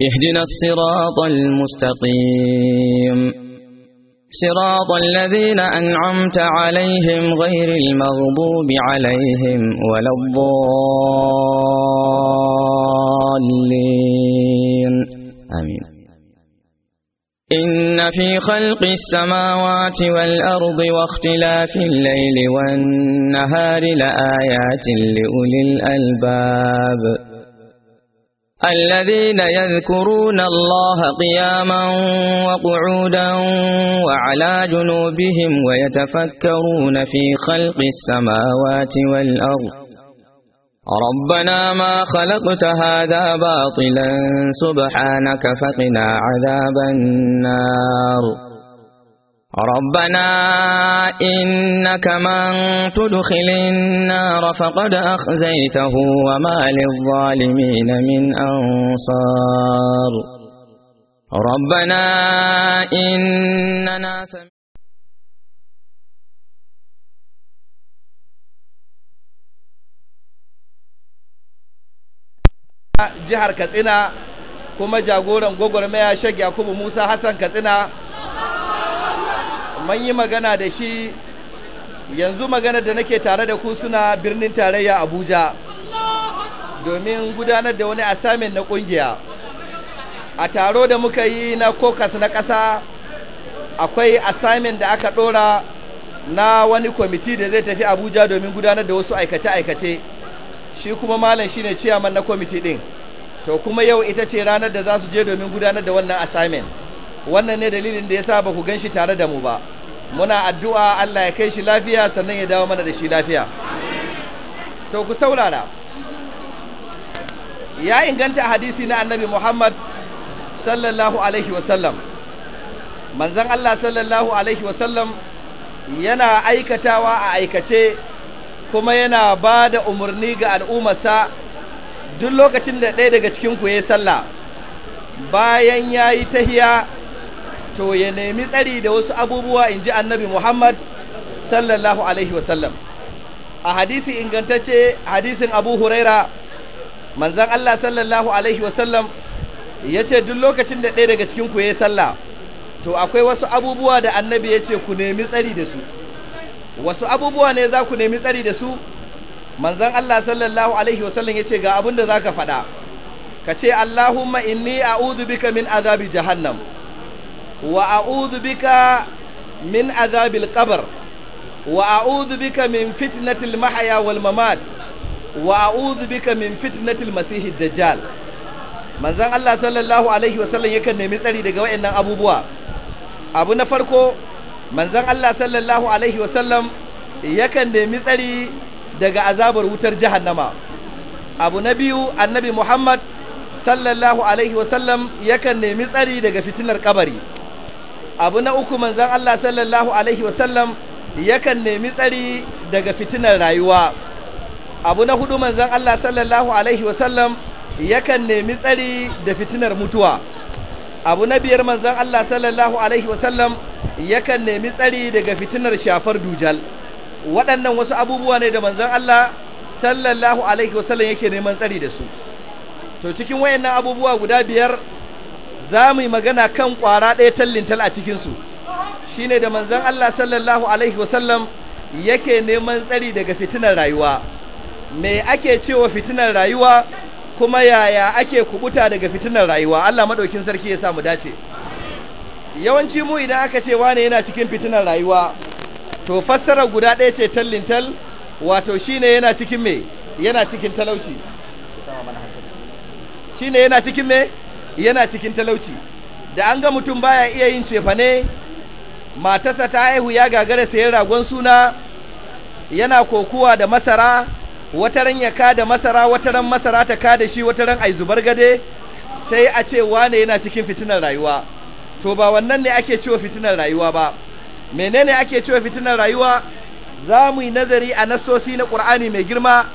اهدنا الصراط المستقيم صراط الذين أنعمت عليهم غير المغضوب عليهم ولا الضالين آمين إن في خلق السماوات والأرض واختلاف الليل والنهار لآيات لأولي الألباب الذين يذكرون الله قياما وقعودا وعلى جنوبهم ويتفكرون في خلق السماوات والأرض ربنا ما خلقت هذا باطلا سبحانك فقنا عذاب النار ربنا إنك من تدخل النار فقد أخزيته وما للظالمين من أنصار ربنا إننا سمعنا jihar katsina kuma jagoran gwagwarmaya shag yakubu musa hassan katsina mun yi magana da shi yanzu magana da nake tare da ku suna birnin tarayya abuja domin gudanar da wani asamin na kungiya a taro da muka yi na kokas na kasa akwai asamin da aka ɗora na wani kwamiti da zai tafi abuja domin gudanar da wasu aikace-aikace shi kuma malam shine ciyaman na kwamiti din to kuma yau ita ce ranar da za su je domin gudanar da wannan asamin. wannan ne dalilin da ya sa ba ku gan shi tare da mu ba muna addu'a Allah ya kai shi lafiya sannan ya dawo mana da shi lafiya to ku saurara ya inganta hadisi na annabi Muhammad sallallahu alaihi wasallam manzon Allah sallallahu alaihi wasallam yana aikatawa a aikace kuma yana ba da umarni ga al'ummarsa duk lokacin da ɗaya daga cikinku ya yi sallah bayan ya yi tahiya to ya nemi tsari da wasu abubuwa in ji annabi muhammad sallallahu alaihi wasallam a hadisi ingantacce hadisin abu huraira manzan allah sallallahu alaihi wasallam ya ce duk lokacin da ɗaya daga cikin ku ya yi sallah to akwai wasu abubuwa da annabi ya ce ku nemi tsari da su wasu abubuwa ne za ku nemi tsari da su manzan allah sallallahu alaihi wasallam ya ce ga abin da za ka faɗa ka ce allahumma inni a'udhu bika min azabi jahannam wa a'udhu bika min azabil qabr wa a'udhu bika min fitnatil mahya wal mamat wa a'udhu bika min fitnatil masihid dajjal manzon Allah sallallahu alaihi wasallam yakan nemi tsari daga wayannan abubuwa abu na farko manzon Allah sallallahu alaihi wasallam yakan nemi tsari daga azabar wutar jahannama abu na biyu annabi Muhammad sallallahu alaihi wasallam yakan nemi tsari daga fitinar kabari abu na uku manzan Allah sallallahu alaihi wasallam yakan nemi tsari daga fitinar rayuwa abu na hudu manzan Allah sallallahu alaihi wasallam yakan nemi tsari da fitinar mutuwa abu na biyar manzan Allah sallallahu alaihi wasallam yakan nemi tsari daga fitinar shafar dujal waɗannan wasu abubuwa ne da manzan Allah sallallahu alaihi wasallam yake neman tsari da su to cikin wayannan abubuwa guda biyar za mu yi magana kan kwara ɗaya tallintal a cikinsu Shi ne da manzan Allah sallallahu alaihi wasallam yake neman tsari daga fitinar rayuwa me ake cewa fitinar rayuwa kuma yaya ake kubuta daga fitinar rayuwa Allah maɗaukin sarki ya samu dace yawanci mu idan aka ce wane yana cikin fitinar rayuwa to fassara guda ɗaya ce tallintal wato shi ne yana cikin me yana cikin talauci ne yana cikin me yana cikin talauci da an ga mutum baya iya yin cefane matarsa ta haihu ya gagara sayan ragon suna yana kokuwa da masara wataran ya ka da masara wataran masara ta ka da shi wataran ai zubar gade sai a ce wane yana cikin fitinar rayuwa to ba wannan ne ake cewa fitinar rayuwa ba menene ake cewa fitinar rayuwa za mu yi nazari a nasosi na ƙur'ani mai girma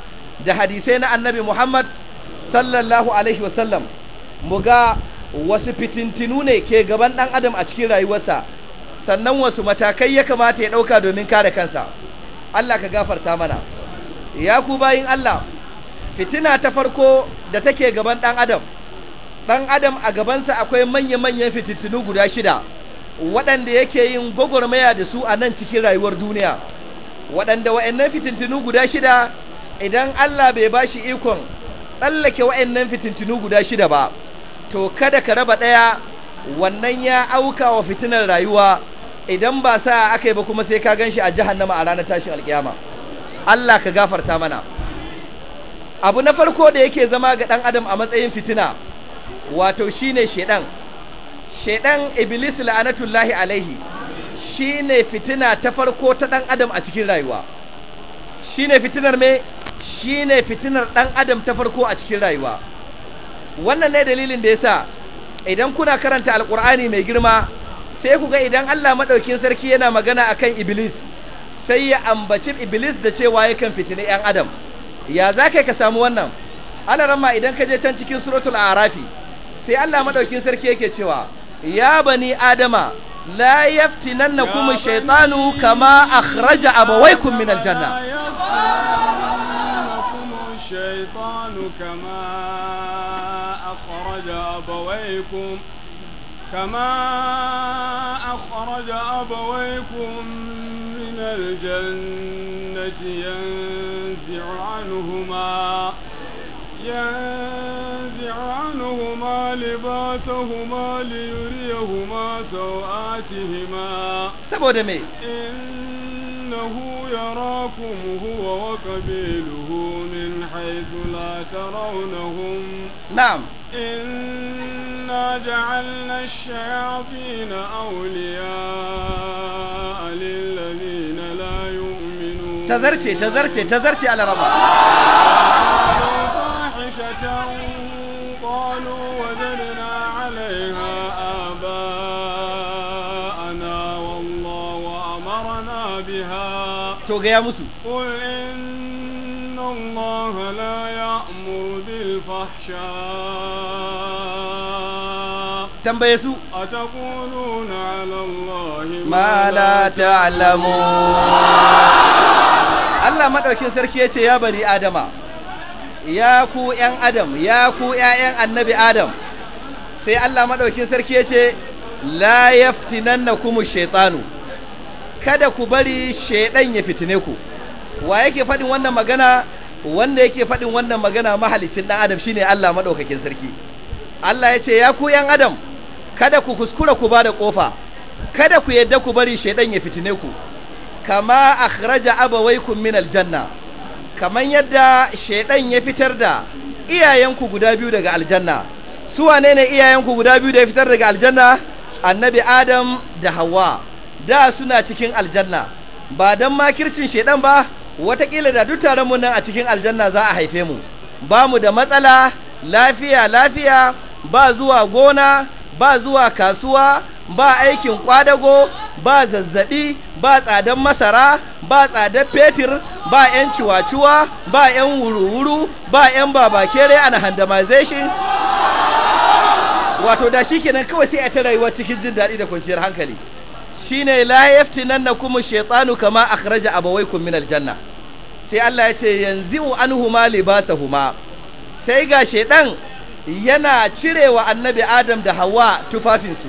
da hadisai na annabi muhammad sallallahu alaihi wasallam mu ga wasu fitintinu ne ke gaban ɗan adam a cikin rayuwarsa sannan wasu matakai ya kamata ya ɗauka domin kare kansa Allah ka gafarta mana ya ku bayin Allah fitina ta farko da take gaban ɗan adam ɗan adam a gabansa akwai manya-manyan fitintinu guda shida waɗanda yake yin gwagwarmaya da su a nan cikin rayuwar duniya waɗanda wa'annan fitintinu guda shida idan Allah bai ba shi ikon tsallake wa'annan fitintinu guda shida ba to kada ka raba ɗaya wannan ya auka wa fitinar rayuwa idan ba sa aka yi ba kuma sai ka gan shi a jahannama a ranar tashin alkiyama Allah ka gafarta mana abu na farko da yake zama ga ɗan adam a matsayin fitina wato shine shedan shedan iblis la'anatullahi alaihi shine fitina ta farko ta ɗan adam a cikin rayuwa shine fitinar me shine fitinar ɗan adam ta farko a cikin rayuwa wannan ne dalilin da yasa idan kuna karanta alkur'ani mai girma sai ku ga idan Allah maɗaukin sarki yana magana akan iblis sai ya ambaci iblis da cewa yakan fitini yan adam ya za kai ka samu wannan alarama idan ka je can cikin suratul arafi sai Allah maɗaukin sarki yake cewa ya bani adama la kuma shaitanu kama akhraja abawaykum min aljanna أبويكم كما أخرج أبويكم من الجنة ينزع عنهما ينزع عنهما لباسهما ليريهما سوآتهما سبودمي إنه يراكم هو وقبيله من حيث لا ترونهم نعم إن إنا جعلنا الشياطين أولياء للذين لا يؤمنون تزرتي تزرتي تزرتي على ربا فاحشة قالوا وذرنا عليها آباءنا والله أمرنا بها توقي يا مسلم قل إن الله لا يأمر بالفحشاء tambaye su ma Allah madaukin sarki yace ya bani adama ya ku yan adam ya ku yayan annabi adam sai Allah madaukin sarki yace la yaftinannakum shaytanu kada ku bari shaydan ya fitine ku wa yake faɗin wannan magana wanda yake faɗin wannan magana mahalicin dan adam shine Allah maɗaukakin sarki Allah yace ce ya ku yan adam kada ku kuskura ku ba da kofa kada ku yadda ku bari shaidan ya fitine ku kama akhraja abawaykum min aljanna kaman yadda shaidan ya fitar da iyayenku guda biyu daga aljanna su wane ne iyayenku guda biyu da ya fitar daga aljanna annabi adam da hawa da suna cikin aljanna ba dan makircin shaidan ba watakila da duk taron mu nan a cikin aljanna za a haife mu ba mu da matsala lafiya lafiya ba zuwa gona ba zuwa kasuwa ba aikin kwadago ba zazzabi ba tsadan masara ba tsadan fetur ba 'yan ciwaciwa ba 'yan wuru-wuru ba 'yan babakere and handamization wato da shi kenan kawai sai a ta rayuwa cikin jin daɗi da kwanciyar hankali shine la kuma shaytanu kama a abawaykum min aljanna sai Allah ya ce yanzu anhuma huma sai ga shaidan yana cirewa annabi adam da hawa tufafinsu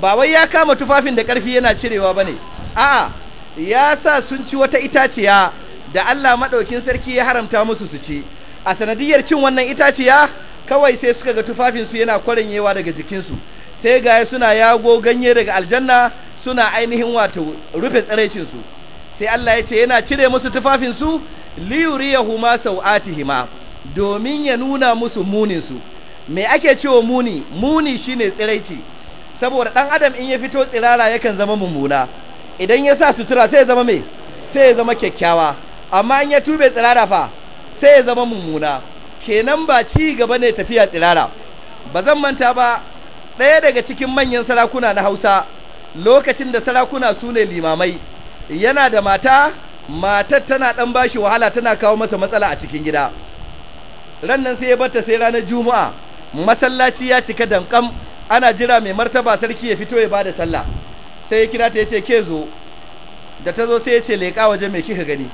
ba wai ya kama tufafin da karfi yana cirewa ba ne a'a ya sa sun ci wata itaciya da allah maɗaukin sarki ya haramta musu su ci a sanadiyar cin wannan itaciya kawai sai suka ga tufafinsu yana kwarinyewa daga jikinsu sai ga ya suna yago ganye daga aljanna suna ainihin wato rufe tsiraicinsu sai allah ya ce yana cire musu tufafinsu liyuriyahu ma sau'atihima domin ya nuna musu muninsu me ake cewa muni muni shine tsiraici saboda dan adam in ya fito tsirara yakan zama mummuna idan ya sa sutura sai ya zama me sai ya zama kyakkyawa amma in ya tube tsirara fa sai ya zama mummuna kenan ba ci gaba ne tafiya tsirara ba zan manta ba ɗaya daga cikin manyan sarakuna na hausa lokacin da sarakuna su ne limamai yana da mata matar tana ɗan bashi wahala tana kawo masa matsala a cikin gida rannan sai ya barta sai ranar juma'a masallaci ya cika damkam ana jira mai martaba sarki ya fito ya bada sallah sai ya kira ta ya ce ke zo da ta zo sai ya ce leƙa waje mai kika gani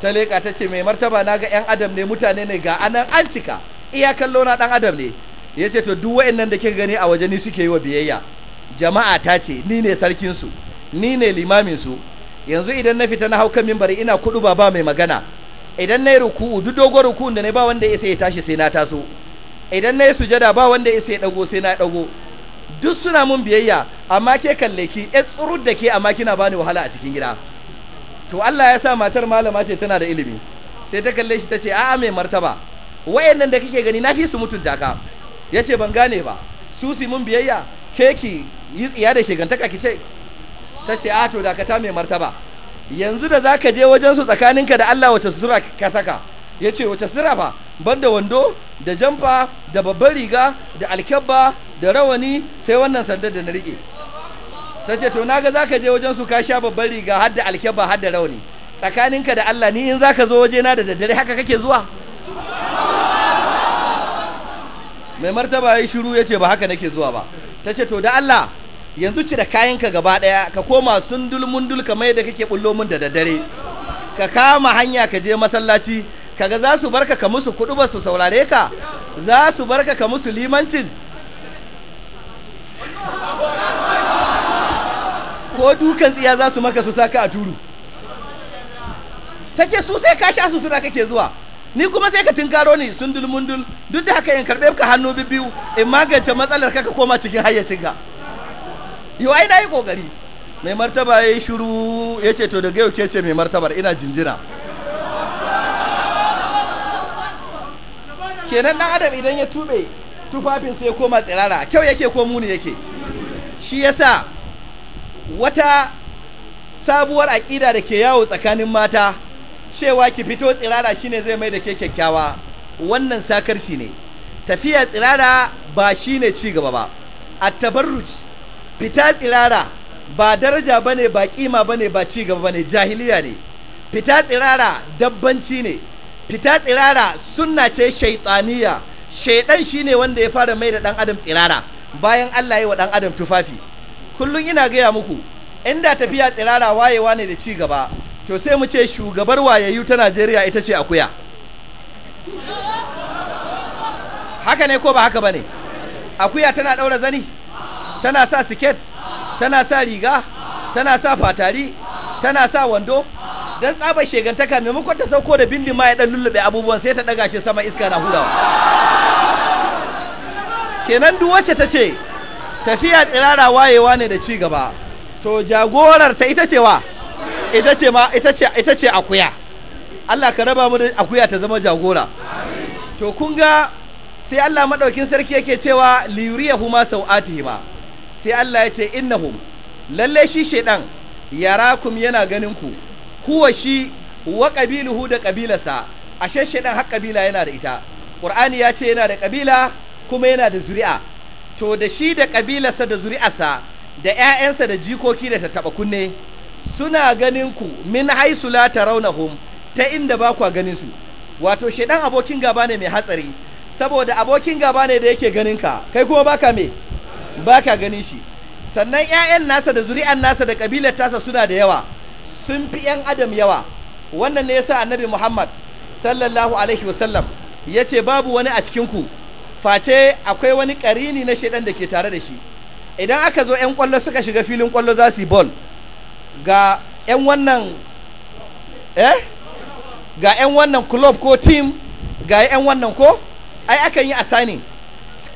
ta leƙa ta ce mai martaba na ga 'yan adam ne mutane ne ga anan an cika iya kallo na ɗan adam ne ya ce to duk wa'annan da kika gani a waje ni suke yi wa biyayya jama'a ta ce ni ne sarkinsu ni ne limaminsu yanzu idan na fita na hau kan mimbari ina kuɗu ba ba mai magana idan na yi ruku'u duk dogon ruku'un da na ba wanda ya sai ya tashi sai na taso idan na yi sujada ba wanda ya sai ya dago sai na dago duk suna mun biyayya amma ke kalle ki ya tsurur da ke amma kina bani wahala a cikin gida to Allah ya sa matar malama ce tana da ilimi sai ta kalle shi ta ce a'a mai martaba wayannan da kake gani na fi su mutunta ka ya ce ban gane ba su si mun biyayya keki yi tsiya da shigantaka ki ce ta ce a to dakata mai martaba yanzu da za ka je wajensu tsakaninka da Allah wace sura ka saka ya ce wace sutura fa banda wando da jamfa da babbar riga da alkyabba da rawani sai wannan sandar da na riƙe ta ce to naga za ka je wajensu ka sha babbar riga har da alkyabba har da rawani tsakaninka da Allah ni in za ka zo wajena da daddare haka kake zuwa mai martaba ya yi shiru ya ce ba haka nake zuwa ba ta ce to da Allah yanzu cire kayanka gaba daya ka koma sundul mundul mai da kake bullo mun da daddare ka kama hanya ka je masallaci kaga za su barka ka musu kudu ba su saurare ka za su barka ka musu limancin ko dukan tsiya za su maka su saka a turu ta ce su sai ka sha sutura kake zuwa ni kuma sai ka tinkaro ni sundul mundul duk da haka in karbe ka hannu biyu in magance matsalar ka koma cikin hayyacinka yau ai na yi kokari mai martaba ya yi shiru ya ce to daga yau ke ce mai martabar ina jinjina kenan na adam idan ya tube tufafin sai ya koma tsirara kyau yake ko muni yake shi yasa wata sabuwar aƙida da ke yawo tsakanin mata cewa ki fito tsirara shine zai mai da ke kyakkyawa wannan sakarci ne tafiya tsirara ba shine ci gaba ba a tabarruci fita tsirara ba daraja bane ba kima bane ba cigaba ba bane jahiliya ne fita tsirara dabbanci ne fita tsirara suna ce shaitaniya shaidan shine wanda ya fara mai da dan adam tsirara bayan Allah ya wa dan adam tufafi Kullum ina gaya muku inda tafiya tsirara wayewa ne da cigaba. to sai mu ce shugabar wayayyu ta Najeriya ita ce akuya haka ne ko ba haka bane akuya tana daura zani tana sa siket tana sa riga tana sa fatari tana sa wando don tsabar shegantaka maimakon ta sauko da bindin ma ya dan lullube abubuwan sai ta daga shi sama iska na hudawa. kenan duk wacce ta ce tafiya tsirara wayewa ne da cigaba. gaba to jagorar ta ita ce wa ita ce ma ita ce ita ce akuya Allah ka raba mu da akuya ta zama jagora to kun ga sai Allah madaukin sarki yake cewa liyuriya huma ba. sai Allah ya ce innahum lalle shi shaidan yarakum yana ganin ku huwa shi wa qabiluhu da qabilarsa ashe shaidan har kabila yana da ita qur'ani ya ce yana da kabila kuma yana da zuri'a to da shi da kabilarsa da zuri'arsa da ƴaƴansa da jikoki da taba kunne suna ganin ku min haisu la tarawnahum ta inda ba kwa ganin su wato shaidan abokin gaba ne mai hatsari saboda abokin gaba ne da yake ganin ka kai kuma baka me ba ka ganin shi sannan 'ya'yan nasa da zuri'an nasa da ƙabilar tasa suna da yawa sun fi 'yan adam yawa wannan ne yasa annabi muhammad sallallahu alaihi wasallam ya ce babu wani a cikinku face akwai wani ƙarini na shaidan da ke tare da shi idan aka zo 'yan kwallo suka shiga filin kwallo za su yi bol ga 'yan wannan eh ko team ga 'yan wannan ko ai akan yi assigning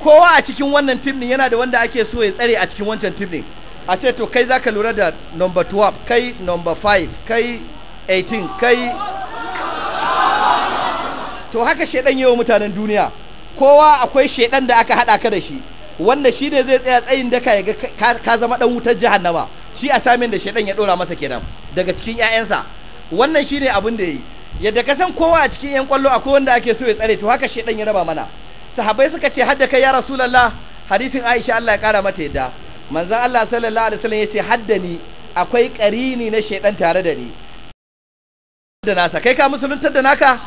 kowa a cikin wannan tim yana da wanda ake so ya tsare a cikin wancan tim a ce to kai zaka lura da number 12 kai number 5 kai 18 kai to haka shedan wa mutanen duniya kowa akwai shedan da aka hada ka da shi wanda shi ne zai tsaya tsayin daka ya ga ka zama dan wutar jahannama shi a samin da shedan ya dora masa kenan daga cikin 'ya'yansa wannan shi ne abin da yi yadda ka san kowa a cikin 'yan kwallo akwai wanda ake so ya tsare to haka shedan ya raba mana Sahabai suka ce hadda kai ya rasulallah hadisin aisha Allah ya kara mata yadda Manzan Allah sallallahu alaihi wasallam ce hadda ni akwai karini na shaidan tare da ni da nasa kai ka musuluntar da naka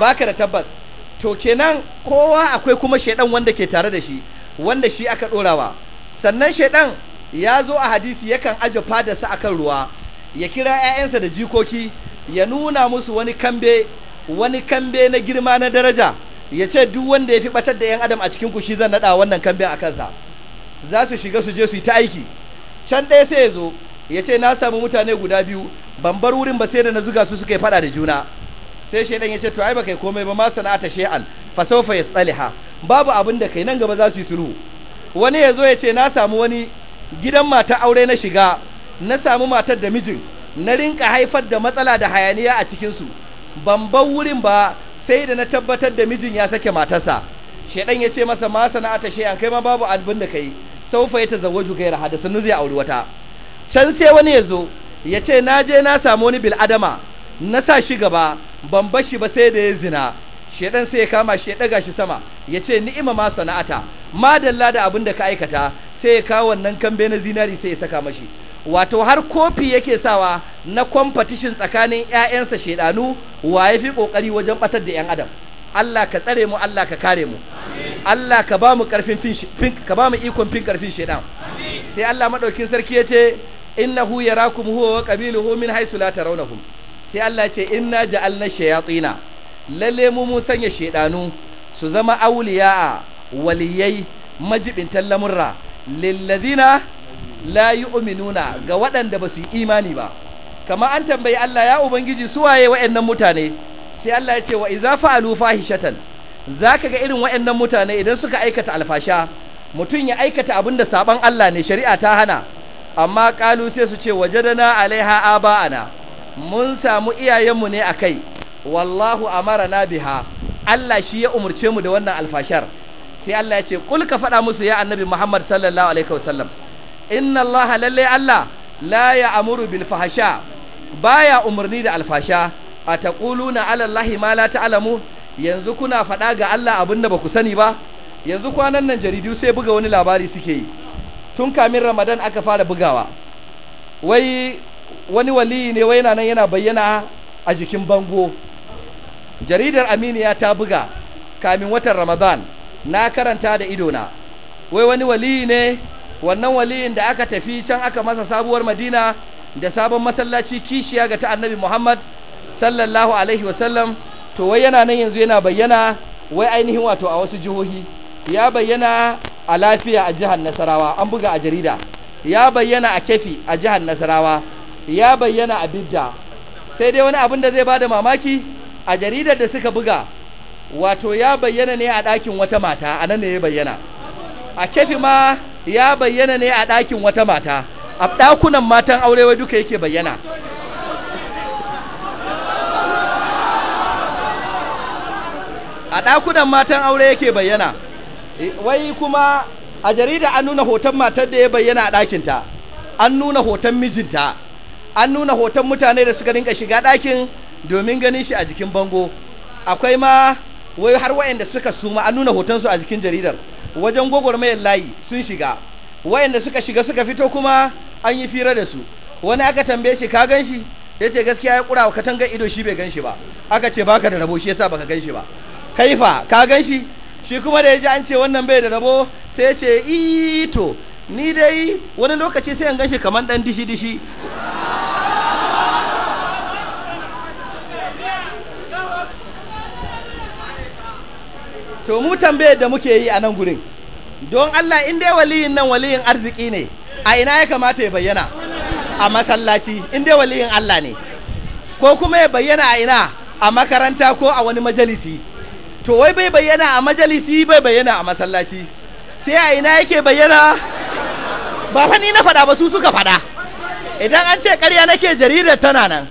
baka da tabbas to kenan kowa akwai kuma shaidan wanda ke tare da shi wanda shi aka dorawa sannan shaidan ya zo a hadisi yakan aje fadarsa akan ruwa ya kira 'ya'yansa da jikoki ya nuna musu wani kambe wani kambe na girma na daraja ya ce duk wanda ya fi batar da 'yan adam a cikin kushi shi zan naɗa wannan kambe a kansa za su shiga su je su yi ta aiki can ɗaya sai ya zo ya ce na samu mutane guda biyu ban bar wurin ba sai da na zuga su suka yi faɗa da juna sai shaidan ya ce to ai ba kai komai ba ma ta shay'an fa ya tsaliha babu abin da kai nan gaba za su yi sulhu wani ya zo ya ce na samu wani gidan mata aure na shiga na samu matar da mijin na rinka haifar da matsala da hayaniya a cikinsu ban bar wurin ba sai da na tabbatar da mijin ya sake matarsa shaidan ya ce masa ma sana'ata shay'an kai ma babu abin da kai saufa ya tazawwaju gaira hada sannu zai auri wata can sai wani ya zo ya ce na je na samu wani bil adama na sa shi gaba ban bar ba sai da ya zina shaidan sai ya kama shi ya daga shi sama ya ce ni'ima ma sana'ata madalla da abin da ka aikata sai ya kawo wannan kambe na zinari sai ya saka mashi wato har kofi yake sawa na competition tsakanin 'ya'yansa shedanu wa ya fi kokari wajen batar da 'yan adam Allah ka tsare mu Allah ka kare mu Allah ka ba mu karfin fin ka ba mu ikon fin karfin shedan sai Allah madaukin sarki ya ce innahu yarakum huwa wa qabiluhu min haythu la tarawnahum sai Allah ya ce inna ja'alna shayatina lalle mu mun sanya shedanu su zama auliya waliyai majibintan lamurra lilladina la yu'minuna ga waɗanda ba su yi imani ba kama an tambayi Allah ya ubangiji su waye waɗannan mutane sai Allah ya ce wa idza fa'alu fahishatan zaka ga irin waɗannan mutane idan suka aikata alfasha mutum ya aikata abin da saban Allah ne shari'a ta hana amma kalu sai su ce wajadana alaiha aba'ana mun samu iyayenmu ne akai wallahu amarana biha Allah shi ya umurce mu da wannan alfashar sai Allah ya ce kul ka faɗa musu ya annabi Muhammad sallallahu alaihi wasallam inna allaha lalle allah la ya amuru bil fahasha baya umarni da alfasha a taquluna ala allahi ma la ta'lamu yanzu kuna faɗa ga allah abin da baku sani ba yanzu kwanan nan jaridu sai buga wani labari suke yi tun kamin ramadan aka fara bugawa wai wani waliyi ne wai nan yana bayyana a jikin bango jaridar aminiya ta buga kamin watan ramadan na karanta da idona wai wani waliyi ne wannan waliyin da aka tafi can aka masa sabuwar madina da sabon masallaci kishiya ga ta annabi muhammad sallallahu alaihi wasallam to wai yana nan yanzu yana bayyana wai ainihin wato a wasu jihohi ya bayyana a lafiya a jihar nasarawa an buga a jarida ya bayyana a kefi a jihar nasarawa ya bayyana a bidda sai dai wani abin da zai bada mamaki a jaridar da suka buga wato ya bayyana ne a ɗakin wata mata a nan ne ya bayyana a kefi ma ya bayyana ne a ɗakin wata mata a ɗakunan matan aurewa duka yake bayyana a ɗakunan matan aure yake bayyana e, wai kuma a jarida an nuna hoton matar da ya bayyana a ɗakinta an nuna hoton mijinta an nuna hoton mutane da suka dinka shiga ɗakin domin ganin shi a jikin bango akwai ma wai har wayanda suka suma an nuna hotonsu a jikin jaridar wajen gwagwarmayar layi sun shiga wayanda suka shiga suka fito kuma an yi fira da su wani aka tambaye shi ka gan shi ya ce gaskiya ya kura ka katanga ido shi bai gan shi ba aka ce baka da rabo shi yasa baka gan shi ba kaifa ka ganshi shi kuma da ya ji an ce wannan bai da rabo sai ya ce ito ni dai wani lokaci sai an ganshi shi kamar dan dishi dishi to mu tambayar da muke yi a nan gurin don Allah in dai waliyin nan waliyin arziki ne a ina ya kamata ya bayyana a masallaci in dai waliyin Allah ne ko kuma ya bayyana a ina a makaranta ko a wani majalisi to wai bai bayyana a majalisi bai bayyana a masallaci sai a ina yake bayyana ba fa ni na faɗa ba su suka faɗa idan an ce ƙarya nake jaridar tana nan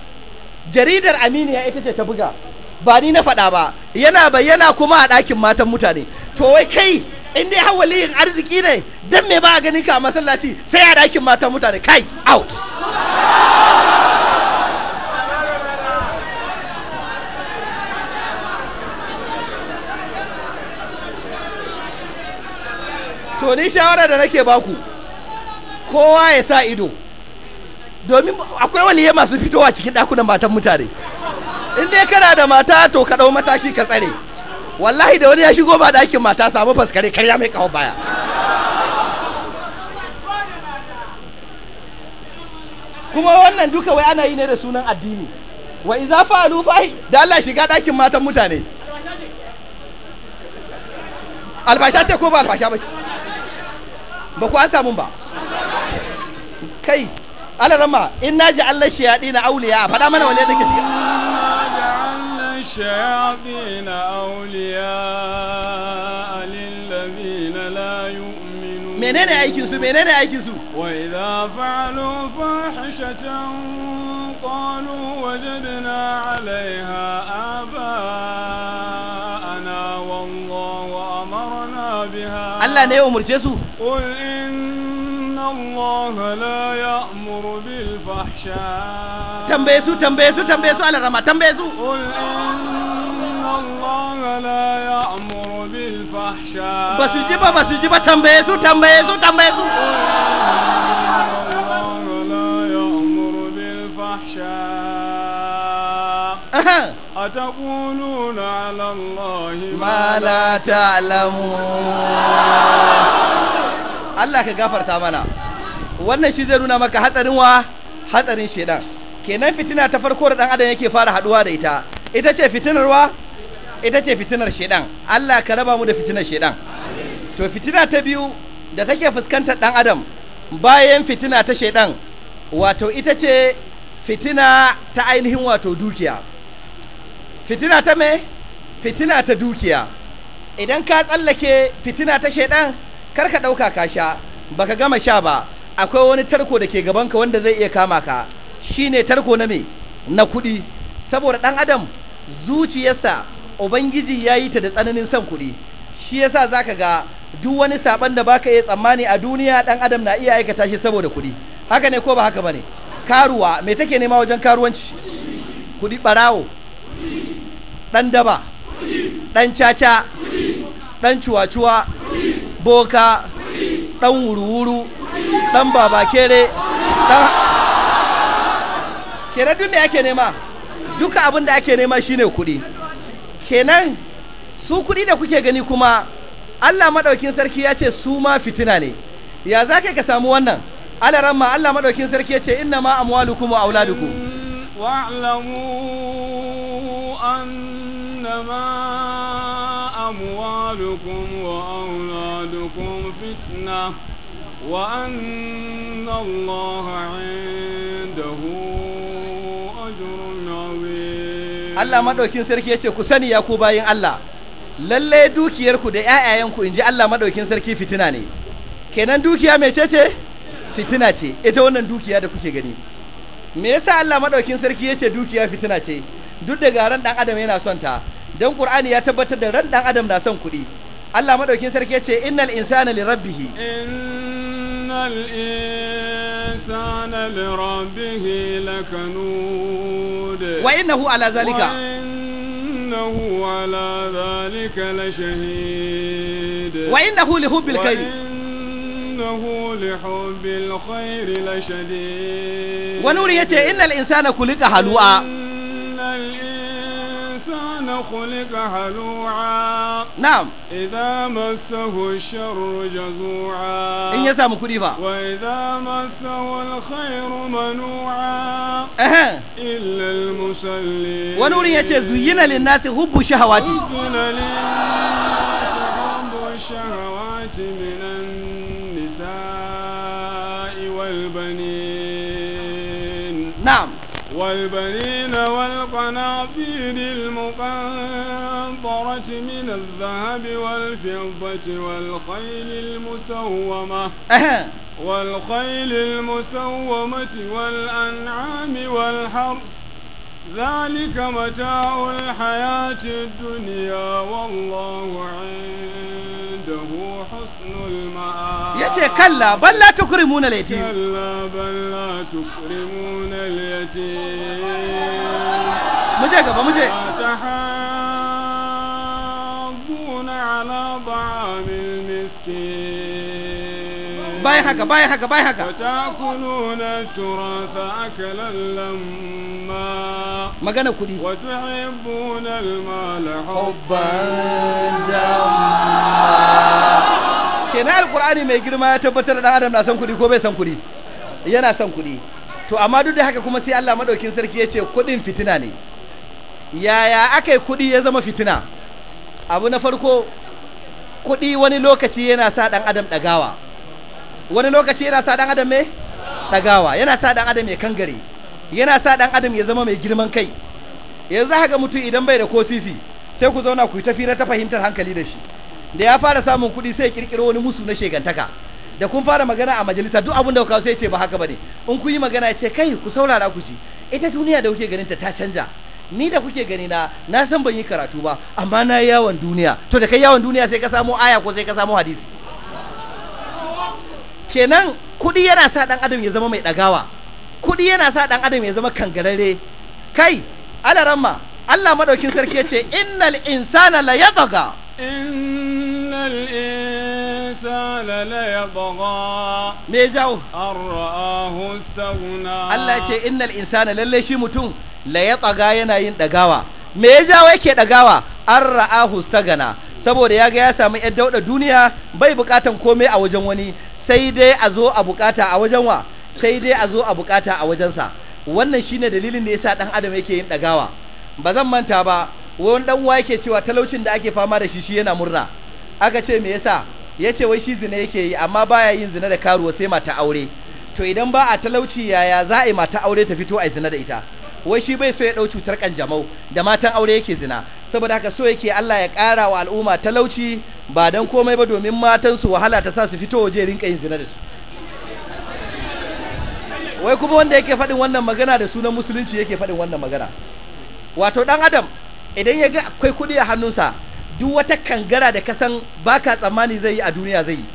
jaridar aminiya ita ce ta buga ba ni na faɗa ba yana bayyana kuma a ɗakin matan mutane to wai kai in dai har waliyin arziki ne dan me ba a ganin ka a masallaci sai a ɗakin matan mutane kai out to ni shawara da nake baku kowa ya sa ido domin akwai waliyai masu fitowa cikin ɗakunan matan mutane in dai kana da mata to ka ɗau mataki ka tsare wallahi da wani ya shigo ba ɗakin mata samu faskare karya mai kawo baya kuma wannan duka wai ana yi ne da sunan addini wa iza fa'alu fahi da Allah shiga ɗakin matan mutane albasha ce ko ba albasha ba ce ba ku an samu ba kai alarama in naji Allah shi yaɗi na auliya faɗa mana wanda yadda ke shiga الشياطين أولياء للذين لا يؤمنون منين أيكسو منين أيكسو وإذا فعلوا فاحشة قالوا وجدنا عليها آباءنا والله أمرنا بها الله ne umurce su قل إن الله لا يأمر بالفحشاء تنبيسو تنبيسو تنبيسو على رما تنبيسو قل إن الله لا يأمر بالفحشاء بس يجيبا بس يجيبا تنبيسو تنبيسو تنبيسو الله لا يأمر بالفحشاء أتقولون على الله ما لا تعلمون Allah ka gafarta mana wannan shi zai nuna maka hatsarin wa hatsarin shedan kenan fitina ta farko da dan adam yake fara haduwa da ita ita ce fitinar wa ita ce fitinar shedan Allah ka raba mu da fitinar shedan to fitina ta biyu da take fuskantar dan adam bayan fitina ta shedan wato ita ce fitina ta ainihin wato dukiya fitina ta me fitina ta dukiya idan ka tsallake fitina ta shedan kar ka dauka ka sha baka gama sha ba akwai wani tarko da ke gabanka wanda zai iya kama ka shine tarko na me na kuɗi saboda ɗan adam zuciyarsa ubangiji ya yi ta da tsananin son kuɗi shi yasa za ka ga duk wani saɓan da baka iya tsammani a duniya ɗan adam na iya aikata shi saboda kuɗi haka ne ko ba haka ba ne karuwa me take nema wajen karuwanci kuɗi ɓarawo ɗan daba ɗan caca ɗan cuwa-cuwa boka ɗan wuru-wuru dan baba kere dan kere duk me ake nema duka abin da ake nema shine kuɗi kenan su kuɗi da kuke gani kuma Allah madaukin sarki ya ce su ma fitina ne ya za ka samu wannan alaran ma Allah madaukin sarki ya ce inna ma amwalukum wa auladukum wa'lamu annama amwalukum wa auladukum fitna وأن الله عنده أجر عظيم الله مدوكين سركي يتي كساني يا كوباين الله lallai dukiyarku da 'ya'yayanku in ji Allah maɗaukin sarki fitina ne kenan dukiya mai ce fitina ce ita wannan dukiya da kuke gani me yasa Allah maɗaukin sarki ya ce dukiya fitina ce duk daga ran ɗan adam yana son ta don Qur'ani ya tabbatar da ran ɗan adam na son kuɗi Allah maɗaukin sarki ya ce innal insana li rabbihi الإنسان لربه لكنود وإنه على ذلك وإنه على ذلك لشهيد وإنه لحب الخير وإنه لحب الخير لشديد ونور يتي إن الإنسان كلك هلوعا خلق هلوعا نعم إذا مسه الشر جزوعا إن يسام كريفا وإذا مسه الخير منوعا أه. إلا المصلين ونوري يتي زين للناس حب الشهوات زين للناس حب الشهوات من النساء والبنين نعم والبنين والقناطير الصنعة من الذهب والفضة والخيل المسومة والخيل المسومة والأنعام والحرف ذلك متاع الحياة الدنيا والله عنده حسن المآب يتي كلا بل لا تكرمون اليتيم كلا بل لا تكرمون اليتيم مجي قبا مجي على طعام المسكين باي حكا باي حكا باي حكا وتأكلون التراث أكلا لما كودي وتحبون المال حبا جما mai girma ya tabbatar da adam na san kuɗi ko bai san kuɗi yana san kuɗi to amma duk da haka kuma sai Allah madaukin sarki ya ce kuɗin fitina ne yaya aka yi kuɗi ya zama fitina abu na farko kuɗi wani lokaci yana sa ɗan adam ɗagawa wani lokaci yana sa ɗan adam me ɗagawa yana sa ɗan adam ya kangare yana sa ɗan adam ya zama mai girman kai yanzu haka mutum idan bai da ko sisi sai ku zauna ku yi tafira ta fahimtar hankali da shi da ya fara samun kuɗi sai ya kirkiro wani musu na shegantaka da kun fara magana a majalisa duk abun da kawo sai ya ce ba haka ba ne in kun yi magana ya ce kai ku saurara ku ci ita duniya da kuke ganin ta ta canja ni da kuke gani na na san ban yi karatu ba amma na yawon duniya to da kai yawon duniya sai ka samo aya ko sai ka samu hadisi kenan kuɗi yana sa ɗan adam ya zama mai ɗagawa kuɗi yana sa ɗan adam ya zama kangararre kai alaramma Allah madaukin sarki ya ce innal insana la yadaga innal insana la yadaga me jawo arrahu Allah ya ce innal insana lalle shi mutum la ya tsaga yana yin ɗagawa me ya jawo yake ɗagawa an ra'ahu stagana saboda ya ga ya samu yar dauɗa duniya bai buƙatan komai a wajen wani sai dai a zo a buƙata a wajen wa sai dai a zo a buƙata a wajensa wannan shine dalilin da yasa dan adam yake yin ɗagawa ba zan manta ba wani dan uwa yake cewa talaucin da ake fama da shi shi yana murna aka ce me yasa ya ce wai shi zina yake yi amma baya yin zina da karuwa sai mata aure to idan ba a talauci yaya za a yi mata aure ta fito a zina da ita wai shi bai so ya ɗau cutar kanjamau da matan aure yake zina saboda haka so yake Allah ya ƙara wa al'umma talauci ba dan komai ba domin matan su wahala ta sa su fito waje rinka yin zina da su wai kuma wanda yake faɗin wannan magana da sunan musulunci yake faɗin wannan magana wato ɗan adam idan ya ga akwai kuɗi a hannunsa duk wata kangara da kasan baka tsammani zai yi a duniya zai yi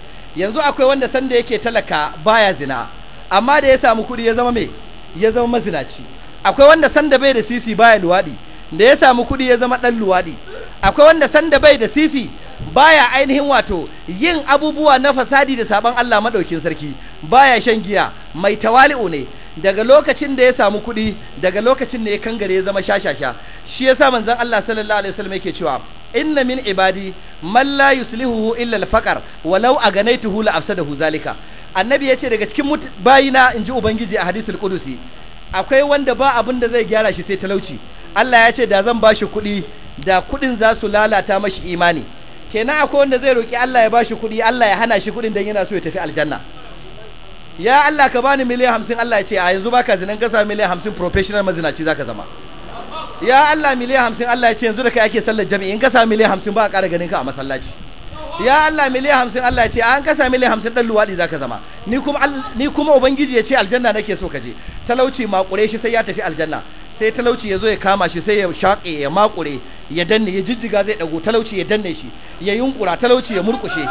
yanzu akwai wanda sanda yake talaka baya zina amma da ya samu kuɗi ya zama me ya zama mazinaci akwai wanda sanda bai da sisi baya luwaɗi da ya samu kuɗi ya zama ɗan luwaɗi akwai wanda sanda bai da sisi baya ainihin wato yin abubuwa na fasadi da saban Allah maɗaukin sarki baya shan giya mai tawali'u ne daga lokacin da ya samu kuɗi daga lokacin da ya kangare ya zama shashasha shi yasa manzon Allah sallallahu alaihi wasallam yake cewa inna min ibadi man la yuslihu illa al-faqr walau aganaituhu la afsadahu zalika annabi yace daga cikin bayina inji ubangiji a hadisul qudusi akwai wanda ba abin da zai gyara shi sai talauci Allah ya ce da zan ba shi kuɗi da kuɗin za su lalata mashi imani kenan akwai wanda zai roƙi Allah ya ba shi kuɗi Allah ya hana shi kuɗin dan yana so ya tafi aljanna ya Allah ka bani miliyan hamsin Allah ya ce a yanzu baka zinan gasa miliyan hamsin professional mazinaci zaka zama ya Allah miliyan hamsin Allah ya ce yanzu da kai ake sallar jami'in gasa miliyan hamsin ba a ƙara ganin ka a masallaci ya Allah miliyan hamsin Allah ya ce an kasa miliyan hamsin ɗan luwaɗi za ka zama ni kuma ubangiji ya ce aljanna nake so ka je talauci makure shi sai ya tafi aljanna sai talauci ya zo ya kama shi sai ya shaƙe ya makure ya danne ya jijjiga zai ɗago talauci ya danne shi ya yunkura talauci ya murkushe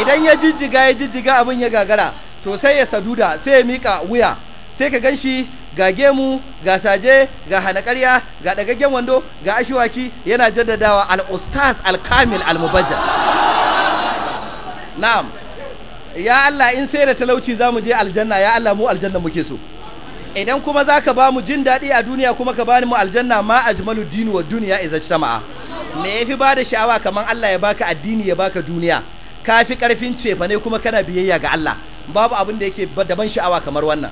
idan ya jijjiga ya jijjiga abin ya gagara to sai ya saduda sai ya miƙa wuya sai ka gan shi ga gemu ga saje ga hanakarya ga dagaggen wando ga ashiwaki yana jaddadawa al-ustaz al-kamil al-mubajjal na'am ya Allah in sai da talauci zamu je aljanna ya Allah mu aljanna muke so idan kuma zaka ba mu jin daɗi a duniya kuma ka bani mu aljanna ma ajmalu dinu wa duniya iza sama'a me yafi ba da sha'awa kaman Allah ya baka addini ya baka duniya kafi karfin cefa ne kuma kana biyayya ga Allah babu abin da yake ban sha'awa kamar wannan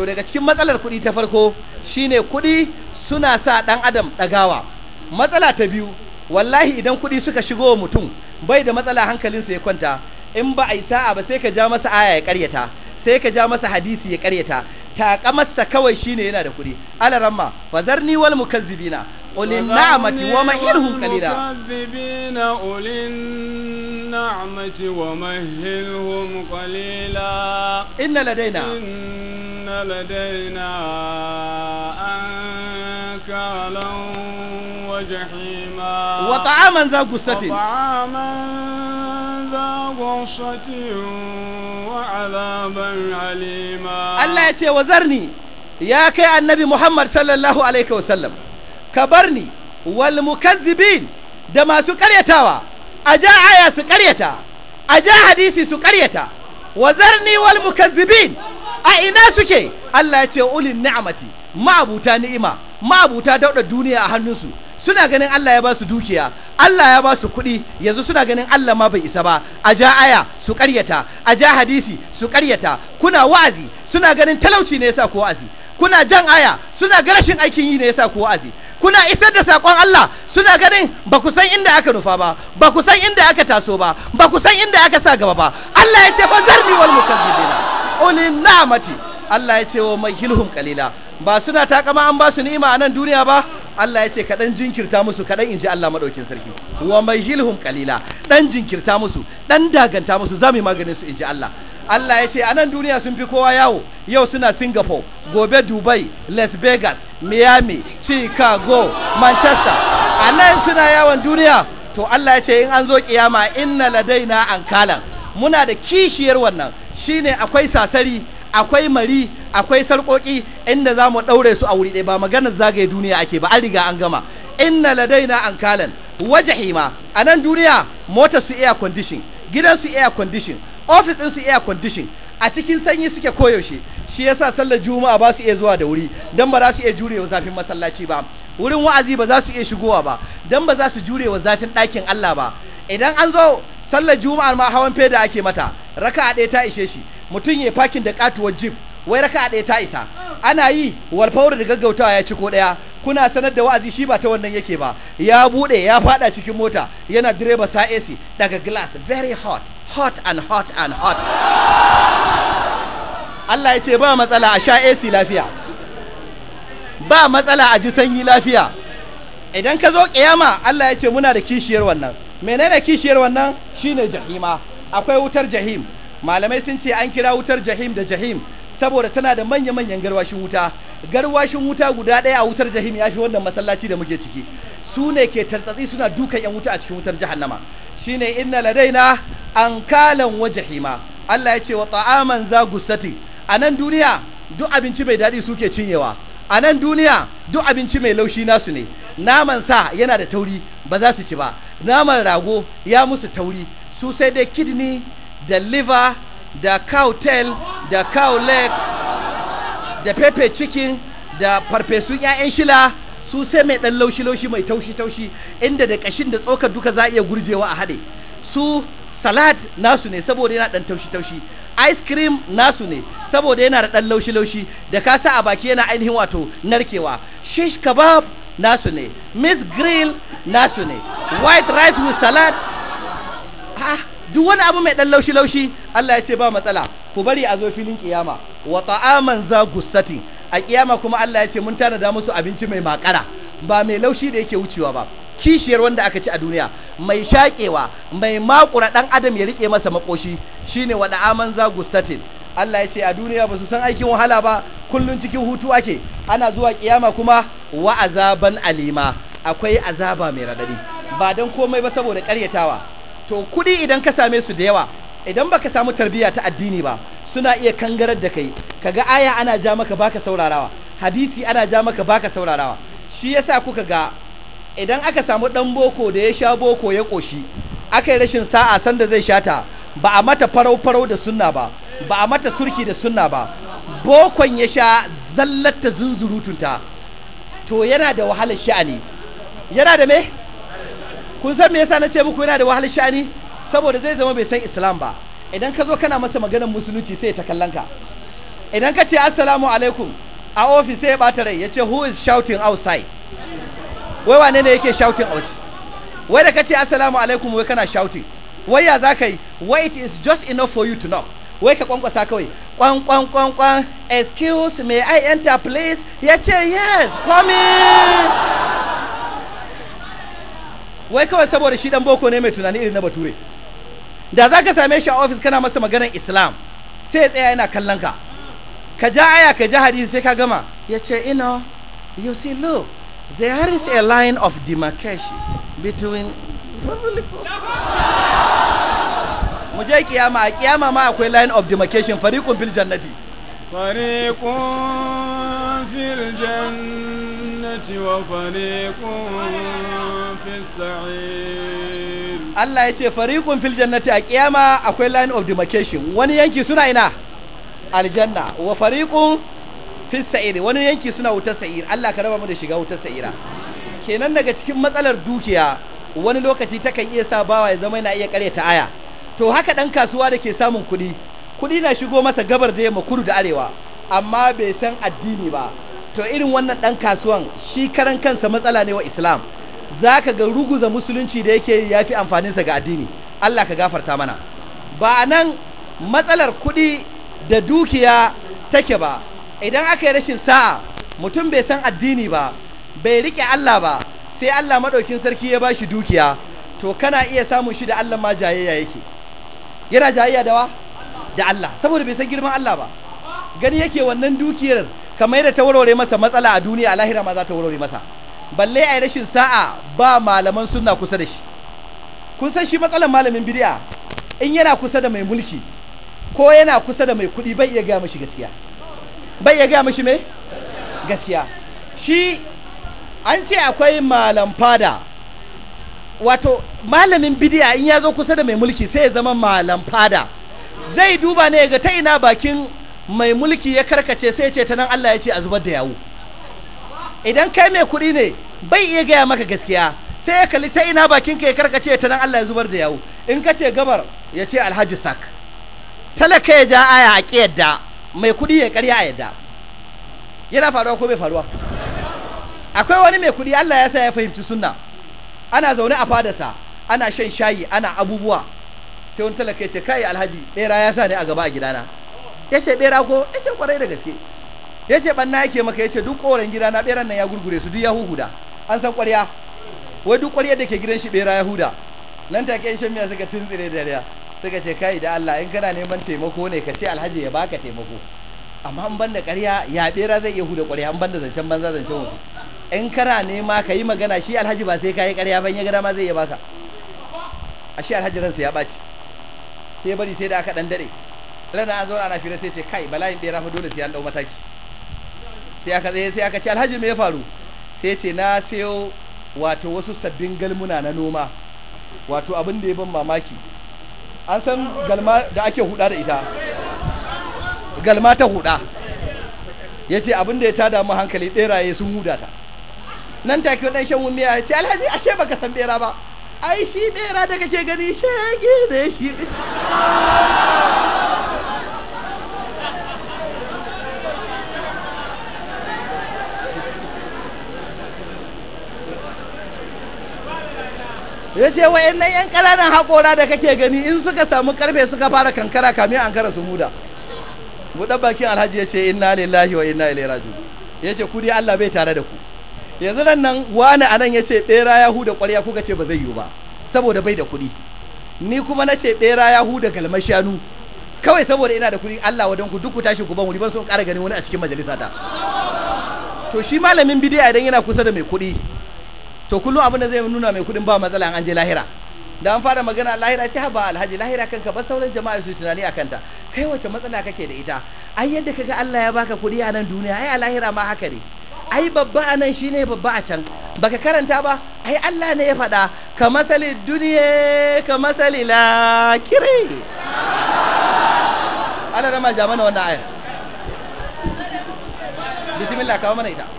to daga cikin matsalar kuɗi ta farko shine kuɗi suna sa ɗan adam ɗagawa matsala ta biyu wallahi idan kuɗi suka shigo wa mutum bai da matsala hankalinsa ya kwanta in ba a yi sa'a ba sai ka ja masa aya ya karyata sai ka ja masa hadisi ya karyata takamarsa kawai shine yana da kuɗi alaramma fazarni wal mukazzibina ulin na'amati wa mahilhum ulin na'amati wa mahilhum qalila inna ladaina إن لدينا أنكالا وجحيما وطعاما ذا غصة وطعاما ذا غصة وعذابا عليما الله يتي وزرني يا كي النبي محمد صلى الله عليه وسلم كبرني والمكذبين da masu karyatawa a ja aya su karyata a ja hadisi su karyata wa zarni wal mukazzibin a ina suke Allah ya ce ulin ni'amati ma'abuta ni'ima ma'abuta dauda duniya a hannunsu suna ganin Allah ya ba su dukiya Allah ya ba su kuɗi yanzu suna ganin Allah ma bai isa ba a ja aya su ƙaryata a ja hadisi su ƙaryata kuna wa'azi suna ganin talauci ne yasa ku wa'azi kuna jan aya suna ga rashin aikin yi ne yasa ku wa'azi kuna isar da sakon Allah suna ganin ba ku san inda aka nufa ba ba ku san inda aka taso ba ba ku san inda aka sa gaba ba Allah ya ce fa zarni wal mukazzibina uli na'mati Allah ya ce wa mai hilhum qalila ba suna takama an ba su ni'ima a nan duniya ba Allah ya ce ka dan jinkirta musu ka dan inji Allah madaukin sarki wa mai hilhum qalila dan jinkirta musu dan daganta musu zamu maganin su inji Allah Allah ya ce a nan duniya sun fi kowa yawo yau suna Singapore gobe Dubai Las Vegas Miami Chicago Manchester a nan suna yawon duniya to Allah ya ce in an zo kiyama inna ladaina ankalan muna da kishiyar wannan shine akwai sasari akwai mari akwai sarkoki inda za mu ɗaure su a wuri ɗaya ba maganar zagaye duniya ake ba an riga an gama inna ladaina ankalan wajahima a nan duniya motar su air condition gidan su air condition ofis ɗinsu su air condition a cikin sanyi suke koyaushe shi yasa sallar juma'a ba su iya zuwa da wuri don ba za su iya jurewa zafin masallaci ba wurin wa'azi ba za su iya shigowa ba don ba za su jurewa zafin ɗakin Allah ba idan an zo sallar juma'a ma hawan feda ake mata raka a ɗaya ta ishe shi mutum ya fakin da katuwar jeep wai raka ɗaya ta isa ana yi walfawar da gaggautawa ya ci ko ɗaya kuna sanar da wa'azi shi ba ta wannan yake ba ya buɗe ya fada cikin mota yana direba sa AC daga glass very hot hot and hot and hot Allah ya ce ba matsala a sha AC lafiya ba matsala a ji sanyi lafiya idan ka zo kiyama Allah ya ce muna da kishiyar wannan menene kishiyar wannan shine jahima akwai wutar jahim malamai sun ce an kira wutar jahim da jahim saboda tana da manya-manyan garwashin wuta garwashin wuta guda ɗaya a wutar jahim ya fi wannan masallaci da muke ciki su ne ke tartatsi suna dukan yan wuta a cikin wutar jahannama shine inna ladaina an kalan wa jahima Allah ya ce wa ta'aman za gusati a nan duniya duk abinci mai daɗi suke cinyewa a nan duniya duk abinci mai laushi nasu ne naman sa yana da tauri ba za su ci ba naman rago ya musu tauri su sai dai kidney da liver da cow tail da cow leg da pepper chicken da farfesun 'ya'yan shila su sai mai dan laushi-laushi mai taushi-taushi inda da kashin da tsokar duka za a iya gurjewa a haɗe su salad nasu ne saboda yana dan taushi-taushi ice cream nasu ne saboda yana da dan laushi-laushi da ka sa a baki yana ainihin wato narkewa shish kebab nasu ne miss grill nasu ne white rice with salad ha ah, duk wani abu mai dan laushi laushi Allah ya ce ba matsala ku bari a zo filin kiyama wa ta'aman za gussati a kiyama kuma Allah ya ce mun tanada musu abinci mai makara ba mai laushi da yake wucewa ba kishiyar wanda aka ci a duniya mai shakewa mai makura dan adam ya rike masa makoshi shine wa da'aman za gussati Allah ya ce a duniya ba su san aikin wahala ba kullun cikin hutu ake ana zuwa kiyama kuma wa azaban alima akwai azaba mai radadi ba don komai ba saboda karyatawa to kuɗi idan ka same su da yawa idan baka samu tarbiyya ta addini ba suna iya kangarar da kai kaga aya ana ja maka baka saurarawa hadisi ana ja maka baka saurarawa shi yasa kuka ga idan aka samu dan boko da ya sha boko ya koshi aka yi rashin sa'a sanda zai shata ba a mata farau farau da sunna ba ba a mata surki da sunna ba bokon ya sha zallata zunzurutunta to yana da wahalar sha'ani yana da me kun san me yasa na ce muku yana da wahalar sha'ani saboda zai zama bai san islam ba idan ka zo kana masa maganar musulunci sai ta kallon ka idan ka ce assalamu alaikum a ofis sai ya bata rai ya ce who is shouting outside wai wane ne yake shouting out wai da ka ce assalamu alaikum wai kana shouting wai ya za ka yi wai it is just enough for you to know wai ka kwankwasa kawai kwan kwan kwan kwan excuse me i enter please ya ce yes coming wai kawai saboda shi dan boko ne mai tunani irin na bature da za ka same shi a ofis kana masa maganar islam sai ya tsaya yana kallon ka ka ja aya ka ja hadisi sai ka gama ya ce ina you see look there is a line of demarcation between mu je kiyama a kiyama ma akwai line of demarcation fariqun fil jannati fariqun fil jannati wa fariqun ya ce يتي فريق في a kiyama akwai line of demarcation wani yanki suna ina aljanna wa fariqun fi sa'ir wani yanki suna Wuta sa'ir Allah ka raba mu da shiga wutar sa'ira kenan daga cikin matsalar dukiya wani lokaci takan iya sa bawa ya zama yana iya ta aya to haka dan kasuwa da ke samun kuɗi kuɗi na shigo masa gabar da yamma kudu da arewa amma bai san addini ba to irin wannan dan kasuwan shi karan kansa matsala ne wa islam za ka ga ruguza musulunci da yake ya fi amfaninsa ga addini allah ka gafarta mana ba a nan matsalar kuɗi da dukiya take ba idan aka yi rashin sa'a mutum bai san addini ba bai riƙe allah ba sai allah maɗaukin sarki ya ba shi dukiya to kana iya samun shi da allah ma jayayya yake yana jayayya da wa da allah saboda bai san girman allah ba gani yake wannan dukiyar kamar yadda ta warware masa matsala a duniya a lahira ma za ta warware masa balle a rashin sa'a ba malaman sunna kusa da shi kun san shi matsalar malamin bid'a in yana kusa da mai mulki ko yana kusa da mai kuɗi bai iya gaya mashi gaskiya bai iya gaya mashi mai gaskiya shi an ce akwai malam fada wato malamin bid'a in ya zo kusa da mai mulki sai ya zama malam fada zai duba ne ga ta ina bakin mai mulki ya karkace sai ya ce ta nan Allah ya ce a zubar da yawo idan kai mai kuɗi ne bai iya gaya maka gaskiya sai ya kalli ta ina bakin ka ya karkace ta nan Allah ya zubar da yawo in ka ce gabar ya ce alhaji sak talaka ya ja aya a yadda mai kuɗi ya karya a yadda yana faruwa ko bai faruwa akwai wani mai kuɗi Allah ya sa ya fahimci sunna ana zaune a fadarsa ana shan shayi ana abubuwa sai wani talaka ya ce kai alhaji bera ya sa ne a gaba a gidana ya ce bera ko ya ce kwarai da gaske ya ce ɓanna yake maka ya ce duk ƙoren gida na ɓeran nan ya gurgure su duk ya huhuda an san ƙwarya wai duk ƙwarya da ke gidan shi ɓera ya huda nan take yan shan miya suka tuntsire da riya suka ce kai da Allah in kana neman taimako ne ka ce alhaji ya baka taimako amma an banda ƙarya ya ɓera zai iya huda ƙwarya an banda zancen banza zancen wani in kana nema ka yi magana shi alhaji ba sai ka yi ƙarya ban ya gada ma zai iya baka a shi alhaji ransa ya ɓaci sai bari sai da aka ɗan daɗe ranar an zo ana fira sai ce kai bala'in ɓera fa dole sai an ɗau mataki sai aka tsaye eh, sai aka ce alhaji me ya faru sai ce na sayo wato wasu sabbin galmuna na noma wato abin da ya ban mamaki an san galma da ake huda da ita galma ta huda ya ce abin da ya tada mu hankali beraye sun huda ta nan take wadan shan wumi ya ce alhaji ashe baka san bera ba ai shi bera da kake gani shege da shi ya ce wa'annan 'yan ƙananan haƙora da kake gani in suka samu karfe suka fara kankara kamin an kara su muda buɗan bakin alhaji ya ce inna lillahi wa inna ilaihi raji'un ya ce ku dai Allah bai tare da ku yanzu nan nan wani nan ya ce ɓera ya huda ƙwarya kuka ce ba zai yiwu ba saboda bai da kuɗi ni kuma na ce ɓera ya huda galmar shanu kawai saboda ina da kuɗi Allah wadan ku duk ku tashi ku ban wuri ban sun ƙara ganin wani a cikin majalisa ta to shi malamin bidiya idan yana kusa da mai kuɗi to kullum abin da zai nuna mai kuɗin ba matsala an je lahira da an fara magana lahira ce ba alhaji lahira kanka ba sauran jama'a su tunani a kanta kai wace matsala kake da ita ai yadda kaga Allah ya baka kuɗi a nan duniya ai a lahira ma haka ne ai babba a nan shine babba a can baka karanta ba ai Allah ne ya faɗa ka masali duniya ka masali kire Allah wannan ayar bismillah kawo mana ita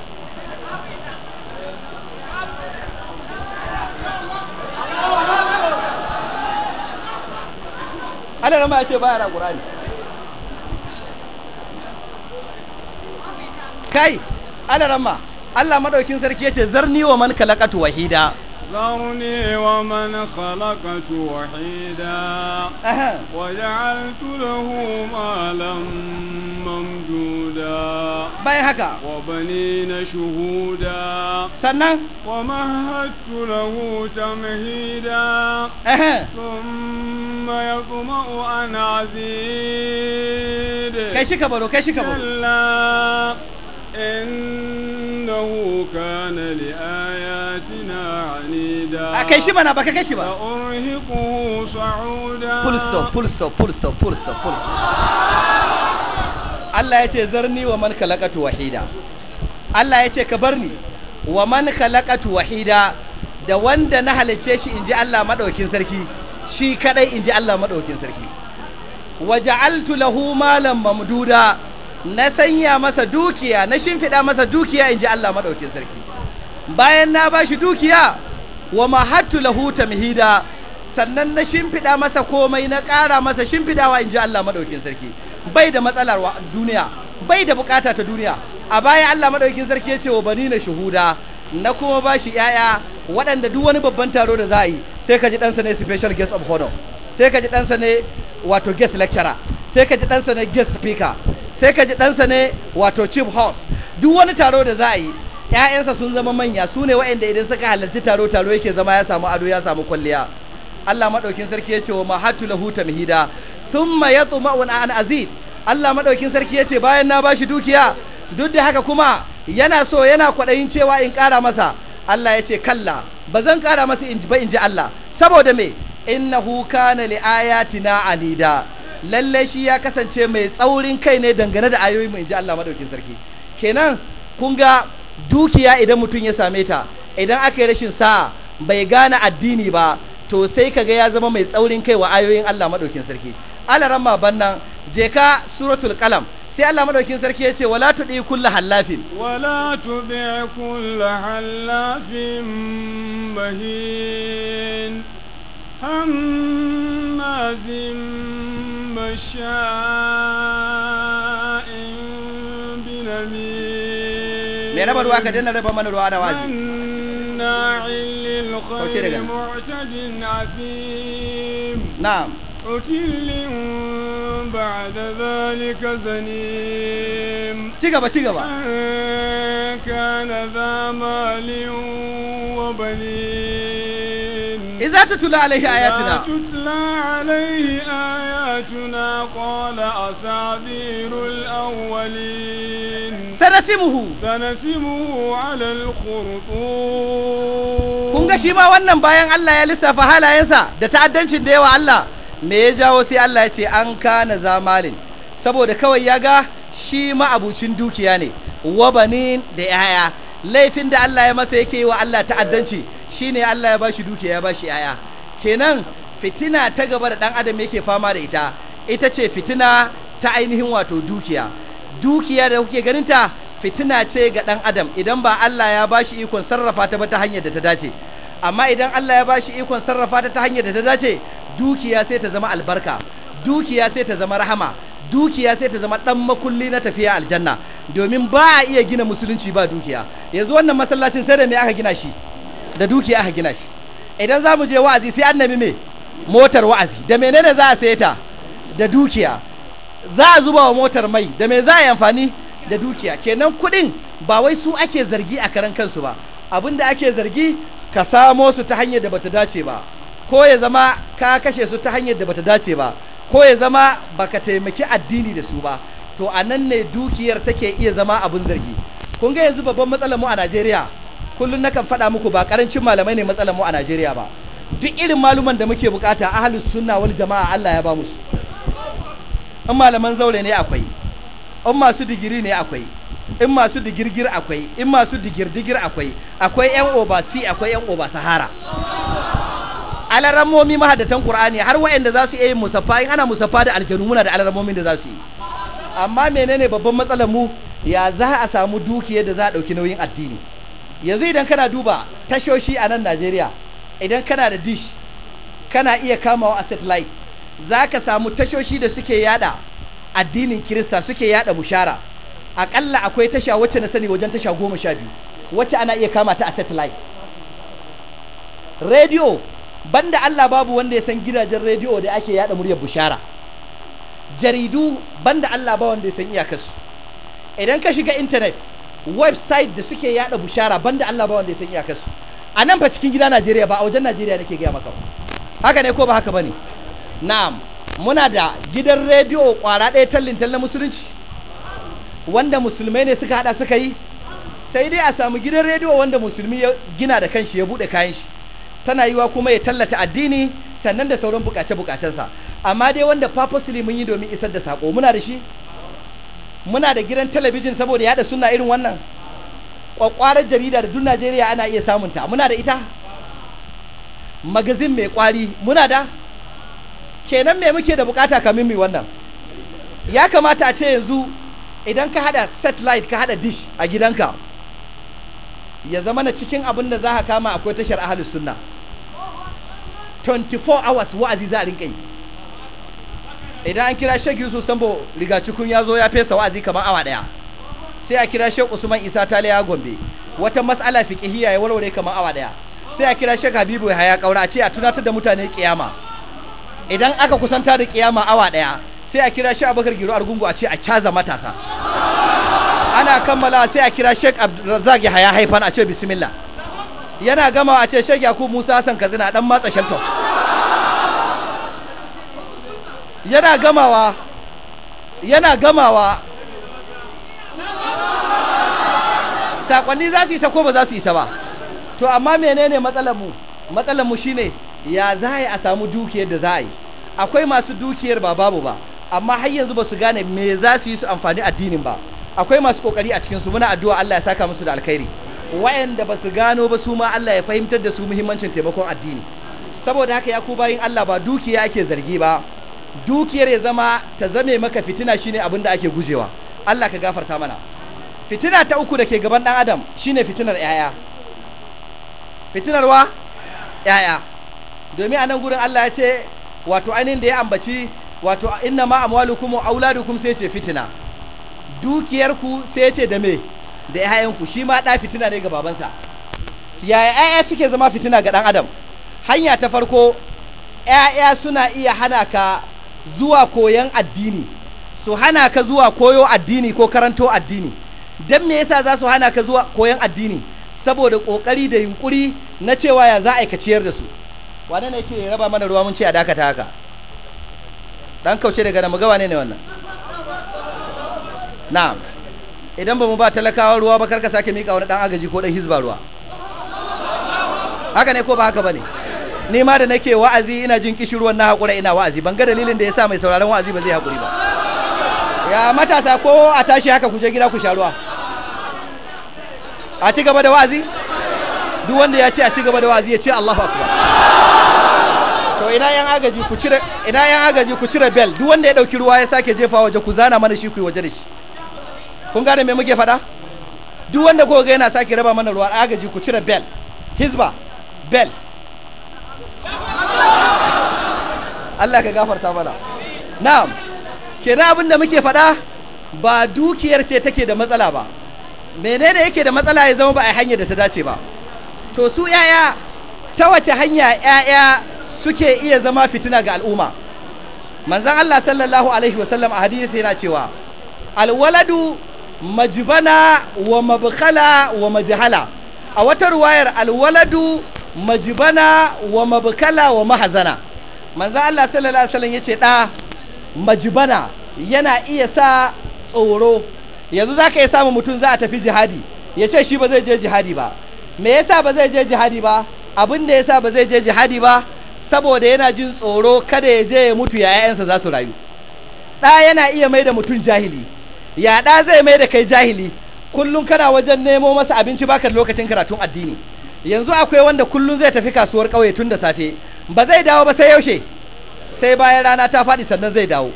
Allah rama baya da kai Allah madaukin sarki ya ce zarni wa man kalaqatu wahida ذرني ومن خلقت وحيدا وجعلت له مالا ممدودا وبنين شهودا ومهدت له تمهيدا ثم يطمع أن أزيد كلا إنه كان لآياتنا عنيدا أكيشي بنا بك أكيشي بنا سأرهقه صعودا pull stop pull stop pull stop pull stop pull stop Allah ya ce zarni wa man khalaqatu wahida Allah ya ce ka bar ni wa man khalaqatu wahida da wanda na halice shi inji Allah madaukin sarki shi kadai inji Allah madaukin sarki waja'altu lahu malan mamduda na sanya masa dukiya na shimfiɗa masa dukiya in ji Allah maɗaukin sarki bayan na ba shi dukiya wa mahattu lahu mihida sannan na shimfiɗa masa komai na ƙara masa shimfiɗawa in ji Allah maɗaukin sarki bai da matsalar duniya bai da bukata ta duniya a baya Allah maɗaukin sarki ya ce wa bani na shuhuda na kuma ba shi ‘ya'ya waɗanda duk wani babban taro da za a yi sai ka ji ɗansa ne special guest of honor sai ka ji ɗansa ne wato guest lecturer sai ka ji ɗansa na guest speaker sai ka ji ɗansa ne wato chief house duk wani taro da za a yi ‘ya'yansa sun zama manya su ne wa'inda idan suka halarci taro taro yake zama ya samu ado ya samu kwalliya Allah maɗaukin sarki ya ce wa mahattu lahu tamhida thumma yatma an azid Allah maɗaukin sarki ya ce bayan na bashi dukiya duk da haka kuma yana so yana kwaɗayin cewa in ƙara masa Allah ya ce kalla ba zan ƙara masa in ji ba in ji Allah saboda me innahu kana li ayatina anida lallai shi ya kasance mai tsaurin kai ne dangane da ayoyi mu inji Allah madaukin sarki kenan kun ga dukiya idan mutum ya same ta idan aka yi rashin sa'a bai gane addini ba to sai kaga ya zama mai tsaurin kai wa ayoyin Allah madaukin sarki alaramma bannan je ka suratul qalam sai Allah madaukin sarki ya ce wala tudi kullu hallafin wala tudi kullu hallafin mahin hammazin مشاء بنميم me raba ruwa ka dinna raba mana ruwa da wazi kauce daga na'am بعد ذلك زنيم تيغبا تيغبا كان ذا مال وبنين إذا alaihi ayatuna آياتنا alaihi ayatuna آياتنا قال أساطير sanasimuhu sanasimuhu ala kun ga shi ma wannan bayan Allah ya lissafa halayensa da ta'addancin da yawa Allah me ya jawo sai Allah ya ce an kana zamalin saboda kawai ya ga shi ma abucin dukiya ne wabanin da 'ya'ya laifin da Allah ya masa yake yi wa Allah ta'addanci shine Allah ya bashi dukiya ya bashi yaya kenan fitina ta gaba da ɗan adam yake fama da ita ita ce fitina ta ainihin wato dukiya dukiya da kuke ganinta fitina ce ga ɗan adam idan ba Allah ya bashi ikon sarrafa ta ba ta hanyar da ta dace amma idan Allah ya ba shi ikon sarrafa ta ta hanyar da ta dace dukiya sai ta zama albarka dukiya sai ta zama rahama dukiya sai ta zama dan makulli na tafiya aljanna domin ba a iya gina musulunci ba dukiya yanzu wannan masallacin sai da me aka gina shi da dukiya aka gina shi idan za mu je wa'azi sai an annabi me motar wa'azi da menene za a saye ta da dukiya za a zuba wa motar mai da me za a yi amfani da dukiya kenan kuɗin ba wai su ake zargi a karan kansu ba abin da ake zargi ka samo su ta hanyar da bata dace ba ko ya zama ka kashe su ta hanyar da bata dace ba ko ya zama baka taimaki addini da su ba to anan ne dukiyar take iya zama abin zargi kun ga yanzu babban matsalar mu a Najeriya kullum nakan faɗa muku ba karancin malamai ne matsalar mu a Najeriya ba duk irin maluman da muke bukata ahlus sunna wal jama'a Allah ya ba musu in malaman zaure ne akwai in masu digiri ne akwai in masu digirgir akwai in masu digirdigir akwai akwai yan obasi akwai yan oba sahara alaramomi mahadatan qur'ani har wayanda za su iya yin musaffa in ana musaffa da aljanu muna da alaramomin da za su yi amma menene babban matsalar mu ya za a samu dukiyar da za a ɗauki nauyin addini yanzu idan kana duba tashoshi a nan najeriya idan kana da dish kana iya kamawa a satellite za ka samu tashoshi da suke yada addinin kirista suke yada bushara akalla akwai tasha wacce na sani wajen tasha goma sha biyu wacce ana iya kama ta a satellite rediyo banda allah babu wanda ya san gidajen rediyo da ake yada muryar bushara jaridu banda allah ba wanda ya san iyakarsu idan ka shiga intanet website da suke yada bushara banda Allah ba wanda ya san su a nan fa cikin gida Najeriya ba a wajen Najeriya nake gaya maka haka ne ko ba haka bane na'am muna da gidan rediyo kwara ɗaya tallin na musulunci wanda musulmai ne suka hada suka yi sai dai a samu gidan rediyo wanda musulmi ya gina da kanshi ya bude kayan shi tana yiwa kuma ya tallata addini sannan da sauran bukace-bukacensa amma dai wanda purposely mun yi domin isar da sako muna da shi muna da gidan talabijin saboda yada suna irin wannan kwakwarar jarida da duk najeriya ana iya samunta muna da ita magazin mai kwari muna da kenan me muke da bukata kamin mai wannan ya kamata a ce yanzu idan ka hada satellite ka hada dish a gidanka ya zama na cikin abin da za ka kama akwai tashar ahalus sunna 24 hours wa'azi za a rinka yi idan an kira shek yusuf sambo riga cikun ya zo ya fesa wa'azi kamar awa daya sai a kira shek usman isa taliya gombe wata matsala fiqhiyya ya warware kamar awa daya sai a kira shek habibu haya kaura a ce a tunatar da mutane kiyama idan aka kusanta da kiyama awa daya sai a kira shek abubakar giro argungu a ce a caza matasa ana kammala sai a kira shek abdulrazak ya haya haifan a ce bismillah yana gama a ce shek yakubu musa hassan katsina dan matsa sheltos yana gamawa yana gamawa sakonni za su isa ko ba za su isa ba to amma menene matsalar mu matsalar mu shine ya za a samu dukiyar da za a yi akwai masu dukiyar ba babu ba amma har yanzu ba su gane me za su yi su amfani addinin ba akwai masu kokari a cikin muna addu'a Allah ya saka musu da alkhairi wayanda ba su gano ba su ma Allah ya fahimtar da su muhimmancin taimakon addini saboda haka ya ku bayin Allah ba dukiya ake zargi ba dukiyar ya zama ta zame maka fitina shine abin da ake gujewa Allah ka gafarta mana fitina ta uku da ke gaban dan adam shine fitinar yaya fitinar wa yaya domin a nan gurin Allah ya ce wato ainihin da ya ambaci wato inna ma amwalukum wa auladukum sai ce fitina dukiyarku sai ce da me da yayanku shi ma da fitina ne ga babansa yaya yaya suke zama fitina ga dan adam hanya ta farko ‘ya'ya suna iya hana ka zuwa koyon addini su hana ka zuwa koyo addini ko karanto addini don me yasa za su hana ka zuwa koyon addini saboda kokari da yunkuri na cewa ya za a ciyar da su wane ne ke raba mana ruwa mun ce a dakata haka dan kauce daga da mugawa ne ne wannan na'am idan ba mu ba talakawa ruwa ba karka sake mika wani dan agaji ko dan hizba ruwa haka ne ko ba haka bane ne ni ma da nake wa'azi ina jin kishirwan na haƙura ina wa'azi ban ga dalilin da yasa mai sauraron wa'azi ba zai haƙuri ba ya matasa ko a tashi haka ku je gida ku sha ruwa a ci gaba da wa'azi duk wanda ya ce a ci gaba da wa'azi ya ce Allahu akbar to ina yan agaji ku cire ina yan agaji ku cire bell duk wanda ya dauki ruwa ya sake jefa waje ku zana mana shi ku yi waje da shi kun gane me muke faɗa duk wanda ko ga yana sake raba mana ruwa agaji ku cire bell Hisba belt Allah ka gafarta mana na'am kenan abin da muke faɗa ba dukiyar ce take da matsala ba menene yake da matsala ya zama ba a hanyar da ta dace ba to su yaya ta wace hanya yaya suke iya zama fitina ga al'umma manzon Allah sallallahu alaihi wasallam a hadisi yana cewa alwaladu majibana wa mabkhala wa majhala a wata ruwayar alwaladu majibana wa mabkala wa mahazana manzo Allah sallallahu alaihi wasallam yace da majibana yana iya sa tsoro yanzu zaka iya samu mutum za a tafi jihadi ya ce shi ba zai je jihadi ba me yasa ba zai je jihadi ba abin da yasa ba zai je jihadi ba saboda yana jin tsoro kada ya je ya mutu yayansa za su rayu ɗa yana iya mai da mutum jahili ya ɗa zai mai da kai jahili kullum kana wajen nemo masa abinci baka lokacin karatun addini yanzu akwai wanda kullum zai tafi kasuwar ƙauye tun da safe ba zai dawo ba sai yaushe sai bayan rana ta faɗi sannan zai dawo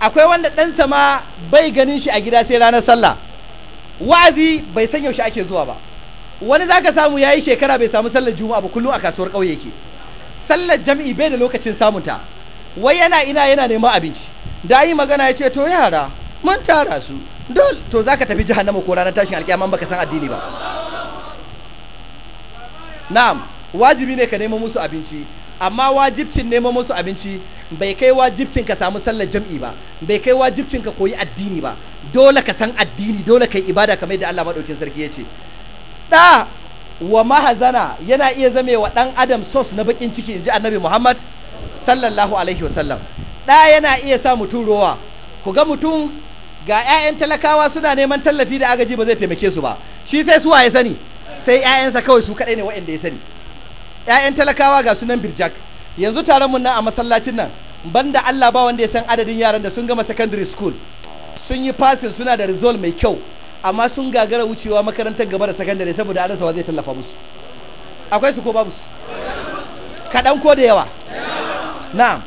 akwai wanda ɗansa ma bai ganin shi a gida sai ranar sallah wa'azi bai san yaushe ake zuwa ba wani zaka samu yi shekara bai samu sallar juma'a ba kullum a kasuwar ƙauye ke. sallar jam'i bai da lokacin samunta wai yana ina yana neman abinci da yi magana ya ce to yara mun tara su dole to zaka tafi jahannama ko ranar tashin alƙiyama ka san addini ba na'am wajibi ne ka nemo musu abinci amma wajibcin neman musu abinci bai kai wajibcin ka samu sallar jam'i ba bai kai wajibcin ka koyi addini ba dole ka san addini dole ka yi ibada kamar da Allah madaukin sarki ya ce da wa mahazana yana iya zame wa dan adam sos na bakin ciki inji annabi Muhammad sallallahu alaihi wasallam da yana iya sa mutum rowa ku ga mutum ga 'ya'yan talakawa suna neman tallafi da agaji ba zai taimake su ba shi sai suwa ya sani sai 'ya'yansa kawai su kaɗai ne waɗanda ya sani 'ya'yan talakawa ga sunan birjak yanzu taron mun na a masallacin nan banda Allah ba wanda ya san adadin yaran da sun gama secondary school sun yi passing suna da result mai kyau amma sun gagara wucewa makarantar gaba da secondary saboda an wa zai tallafa musu akwai su ko babu su kaɗan ko da yawa na'am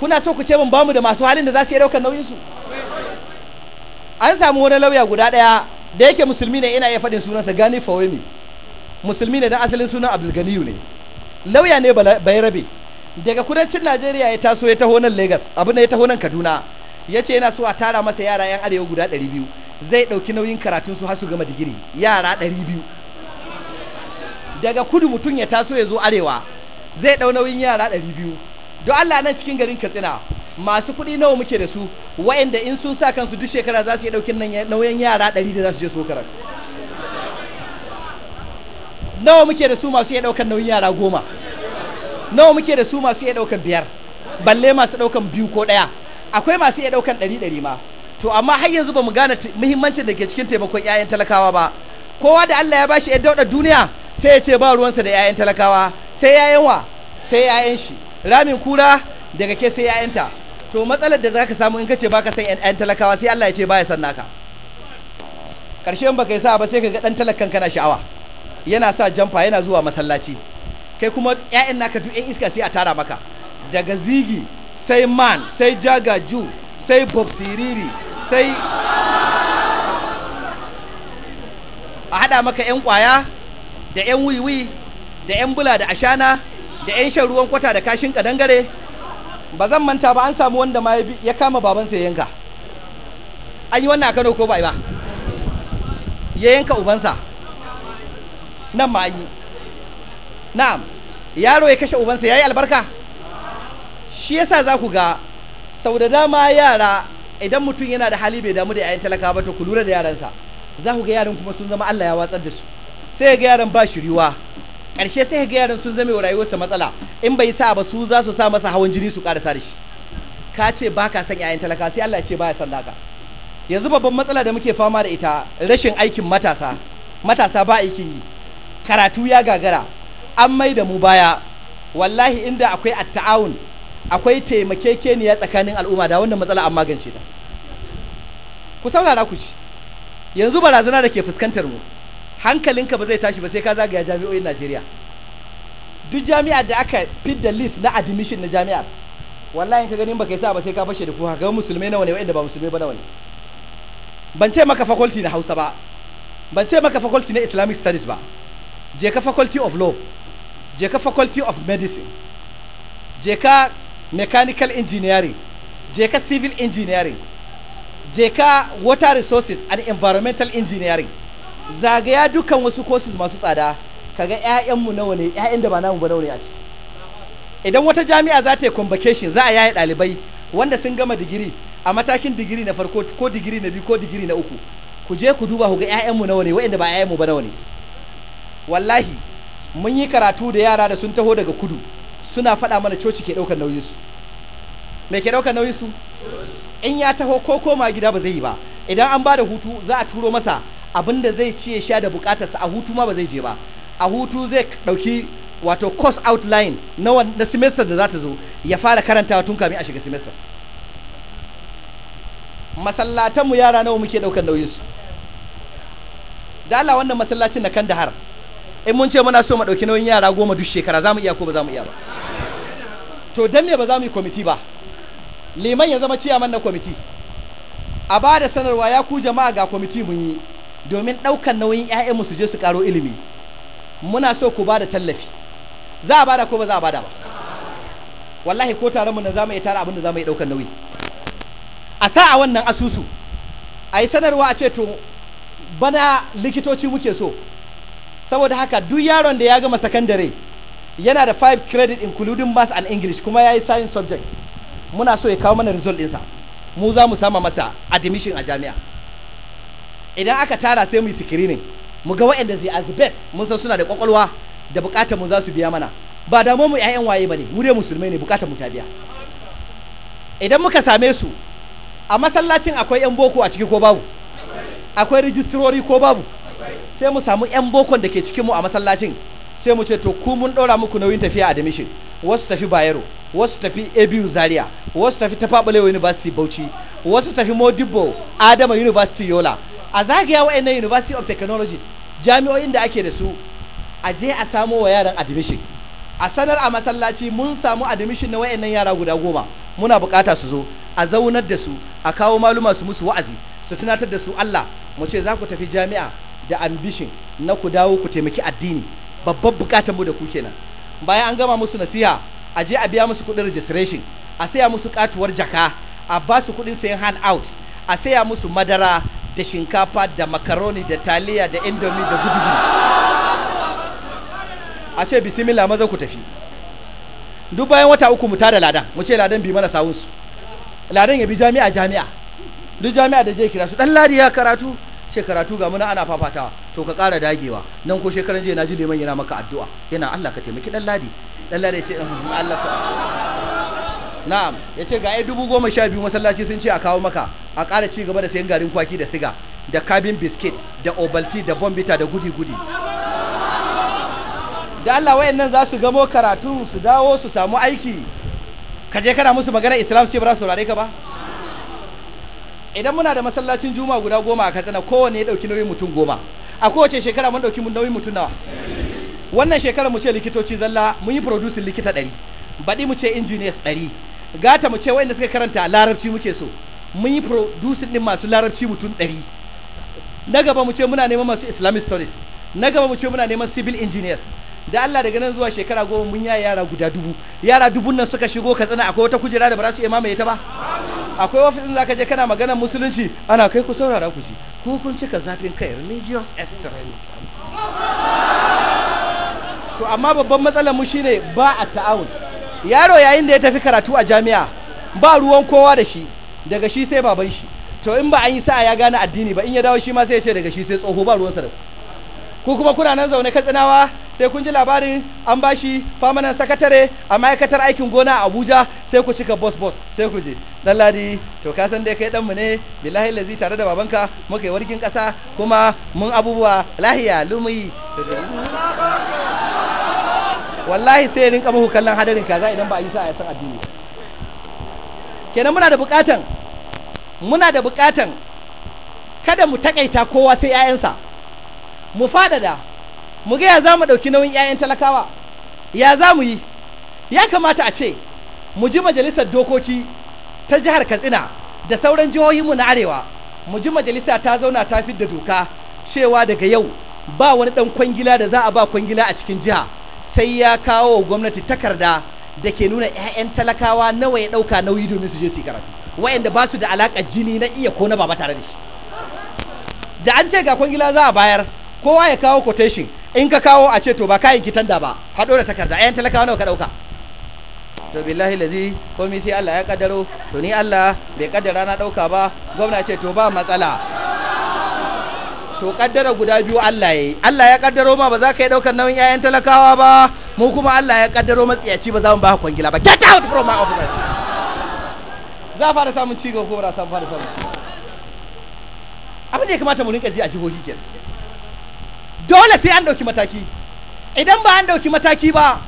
kuna so ku ce mun bamu da masu halin da za su iya ɗaukar nauyin su an samu wani lauya guda ɗaya da yake musulmi ne ina iya faɗin sunansa gani fawemi musulmi ne dan asalin sunan abdulganiyu ne lauya ne rabe daga kudancin najeriya ya taso ya taho nan legas abu ne ya taho nan kaduna ya ce yana so a tara masa yara yan arewa guda 200 zai dauki nauyin karatun su hasu gama digiri yara 200 daga kudu mutum ya taso ya zo arewa zai ɗau nauyin yara 200 don allah nan cikin garin katsina masu kuɗi nawa muke da su wa'anda in sun sa kansu duk shekara za su yi dauki nauyin yara 100 da za su je su karatu nawa muke da su masu iya daukan nauyin yara goma nawa muke da su masu iya daukan biyar balle masu daukan biyu ko daya akwai masu iya daukan ɗari ɗari ma to amma har yanzu ba mu gane muhimmancin da ke cikin taimakon 'ya'yan talakawa ba kowa da Allah ya bashi ya dauɗa duniya sai ya ce ba ruwansa da 'ya'yan talakawa sai 'ya'yan wa sai 'ya'yan shi ramin kura daga ke sai 'ya'yanta to matsalar da zaka samu in ka ce baka san 'ya'yan talakawa sai Allah ya ce baya san naka ƙarshen baka yi sa ba sai ka ga ɗan talakan kana sha'awa yana sa jamfa yana zuwa masallaci kai kuma 'ya'yan naka duk 'yan iska sai a tara maka daga zigi sai man sai ju sai bob siriri sai a hada maka 'yan kwaya da 'yan wiwi da 'yan bula da ashana da 'yan shan ruwan kwata da kashin kadangare ba zan manta ba an samu wanda ma ya kama babansa ya yanka an yi wannan a kano ko ba ba ya yanka ubansa nan ma yi na'am yaro ya kashe ubansa ya yi albarka shi yasa za ku ga sau da dama yara idan mutum yana da hali bai damu da yayan talaka ba to ku lura da yaransa za ku ga yaran kuma sun zama Allah ya watsar da su sai ga yaran ba shi riwa? ƙarshe sai ga yaran sun zama wa rayuwarsa matsala in bai sa ba su za su sa masa hawan jini su ƙarasa da shi ka ce ba ka son yayan talaka sai Allah ya ce ba ya san naka yanzu babban matsala da muke fama da ita rashin aikin matasa matasa ba aikin yi karatu ya gagara an mai da mu baya wallahi inda akwai atta'awun akwai taimakekeniya tsakanin al'umma da wannan matsala an magance ta ku saurara ku ci yanzu barazana da ke fuskantar mu hankalinka ba zai tashi ba sai ka zagaya jami'o'in Najeriya duk jami'ar da aka fit da list na admission na jami'ar wallahi ka ganin baka sa ba sai ka fashe da kuka ga musulmai nawa ne wa'anda ba musulmai ba nawa ne ban ce maka faculty na Hausa ba ban ce maka faculty na Islamic studies ba je ka faculty of law je ka faculty of medicine je ka mechanical engineering je ka civil engineering je ka water resources and environmental engineering zagaya dukkan wasu courses masu tsada kaga mu nawa ne ƴaƴan da ba namu ba nawa ne a ciki idan wata jami'a za ta yi convocation za a yaye ɗalibai wanda sun gama digiri a matakin digiri na farko ko digiri na biyu ko digiri na uku ku je ku duba ku ga mu nawa ne waɗanda ba 'ya'yanmu ba nawa ne wallahi mun yi karatu da yara da sun taho daga kudu suna faɗa mana coci ke ɗaukar su me ke ɗaukar su? in ya taho ko koma gida ba zai yi ba idan an ba da hutu za a turo masa abin da zai ci ya sha da bukatarsa a hutu ma ba zai je ba a hutu zai ɗauki wato course outline na, na semester da za ta zo ya fara karantawa tun kamin a shiga semesters masallatanmu yara nawa muke ɗaukar nauyinsu da Allah wannan masallacin na kan har. in mun ce muna so mu dauki nauyin yara goma duk shekara za mu iya ko ba za mu iya ba to dan me ba za mu yi kwamiti ba liman ya zama ciyaman na kwamiti a ba da sanarwa ya ku jama'a ga kwamiti mun yi domin ɗaukan nauyin 'ya'yanmu su je su karo ilimi muna so ku ba da tallafi za a bada ko ba za a bada ba wallahi ko taron mu na za mu iya tara abin da za mu iya ɗaukan nauyi a sa a wannan asusu a yi sanarwa a ce to bana likitoci muke so saboda haka duk yaron da ya gama sakandare yana da 5 credit including maths and english kuma ya yi science subjects muna so ya kawo mana result ɗinsa mu za mu sama masa admission a jami'a idan aka tara sai mu yi screening mu ga waɗanda zai as the best mun san suna da kwakwalwa da bukatar mu za su biya mana ba da mu ƴaƴan waye bane mu dai musulmai ne bukatar mu ta biya idan muka same su a masallacin akwai 'yan boko a ciki ko babu akwai rijistirori ko babu sai mu samu 'yan bokon da ke cikinmu a masallacin sai mu ce to ku mun ɗora muku nauyin tafiya a admission wasu tafi bayero wasu tafi abu zaria wasu tafi tafabalewa university bauchi wasu tafi Modibo adama university yola a zagaya wa'annan university of technologies jami'o'in da ake da su a je a samo wa yaran admission a sanar a masallaci mun samu admission na wa'annan yara guda goma muna bukata su zo a zaunar da su a kawo maluma su musu wa'azi su tunatar da su allah mu ce za ku tafi jami'a da ambishin na ku dawo ku taimaki addini babban bukatar mu da ku kenan bayan an gama musu nasiha a je a biya musu kudin registration a saya musu katuwar jaka a ba su kudin sayan hand out a saya musu madara da shinkafa da makaroni da taliya da indomi da gudugu a ce bismillah maza ku tafi duk bayan wata uku mu da ladan mu ce ladan bi mana sawunsu ladan ya bi jami'a jami'a duk jami'a da je kira su dan ladi ya karatu ce karatu ga muna ana fafata to ka ƙara dagewa nan ko shekaran jiya naji liman yana maka addu'a yana Allah ka taimaki dan ladi dan ladi ya ce Allah ka na'am ya ce ga ai dubu goma sha biyu masallaci sun ce a kawo maka a ƙara ci gaba da sayan garin kwaki da siga da cabin biskit da obalti da bombita da gudi-gudi da Allah wayannan za su gamo karatun su dawo su samu aiki ka je kana musu magana islam sai ba za su saurare ka ba idan muna da masallacin juma guda goma a katsina kowane ya ɗauki nauyin mutum goma a kowace shekara mun ɗauki nauyin mutum nawa wannan shekara mu ce likitoci zalla mun yi producing likita ɗari baɗi mu ce engineers ɗari gata mu ce wa'inda suka karanta larabci muke so mun yi producing ɗin masu larabci mutum ɗari na gaba mu ce muna neman masu islamic studies na gaba mu ce muna neman civil engineers da Allah daga nan zuwa shekara goma mun yaya yara guda dubu yara dubun nan suka shigo ka tsana akwai wata kujera da ba za su iya mamaye ta ba akwai ofis din zaka je kana magana musulunci ana kai ku saurara ku ji ku kun cika zafin kai religious extremism to amma babban matsalar mu shine ba a ta'awun yaro yayin da ya tafi karatu a jami'a ba ruwan kowa da shi daga shi sai baban shi to in ba an yi sa'a ya gane addini ba in ya dawo shi ma sai ya ce daga shi sai tsoho ba ruwansa da ku ku kuma kuna nan zaune katsinawa sai kun ji labarin an bashi famanan sakatare a ma'aikatar aikin gona a abuja sai ku cika bos bos sai ku je dan ladi to ka san dai kai danmu ne billahi lazi tare da babanka muka yi warkin kasa kuma mun abubuwa lahiya lumuyi wallahi sai ya rinka muku kallon hadarin kaza idan ba a yi sa a san addini kenan muna da bukatan muna da bukatan kada mu takaita kowa sai 'ya'yansa mu fadada mu ga ya za mu ɗauki nauyin 'ya'yan talakawa ya za mu yi ya kamata a ce mu ji majalisar dokoki ta jihar katsina da sauran jihohin mu na arewa mu ji majalisa ta zauna ta da doka cewa daga yau ba wani ɗan kwangila da za a ba kwangila a cikin jiha sai ya kawo gwamnati takarda da ke nuna 'ya'yan talakawa nawa ya ɗauka nauyi domin su je su karatu wa'anda ba su da alaƙar jini na iya ko na baba tare da shi da an ce ga kwangila za a bayar kowa ya kawo quotation in ka kawo a ce to ba kayan kitan da ba haɗo da takarda ayan talakawa nawa ka ɗauka to billahi lazi komi sai Allah ya kaddaro to ni Allah bai kaddara na ɗauka ba gwamna ce to ba matsala to kaddara guda biyu Allah ya yi Allah ya kaddaro ma ba za ka yi ɗaukar nauyin ƴaƴan talakawa ba mu kuma Allah ya kaddaro matsiyaci ba za mu ba kwangila ba get out from my office za a fara samun cigaba ko ba za a fara samun cigaba abin da ya kamata mu rinka ji a jihohi kenan dole sai an ɗauki mataki idan ba an ɗauki mataki ba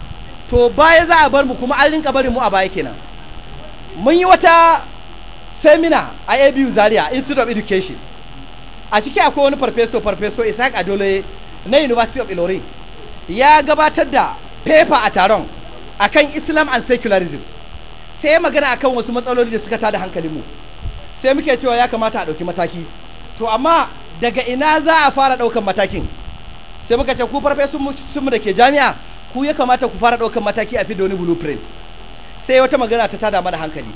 to baya za a bar mu kuma an rinka barin mu a baya kenan mun yi wata semina a abu zaria institute of education a ciki akwai wani farfeso farfeso isaac adole na university of ilori ya gabatar da paper a taron akan islam and secularism sai magana akan wasu matsaloli da suka tada hankalin mu sai muke cewa ya kamata a ɗauki mataki to amma daga ina za a fara ɗaukan matakin sai muka ce ku farfesun mu da ke jami'a ku ya kamata ku fara ɗaukan mataki a fidoni blueprint sai wata magana ta tada mana hankali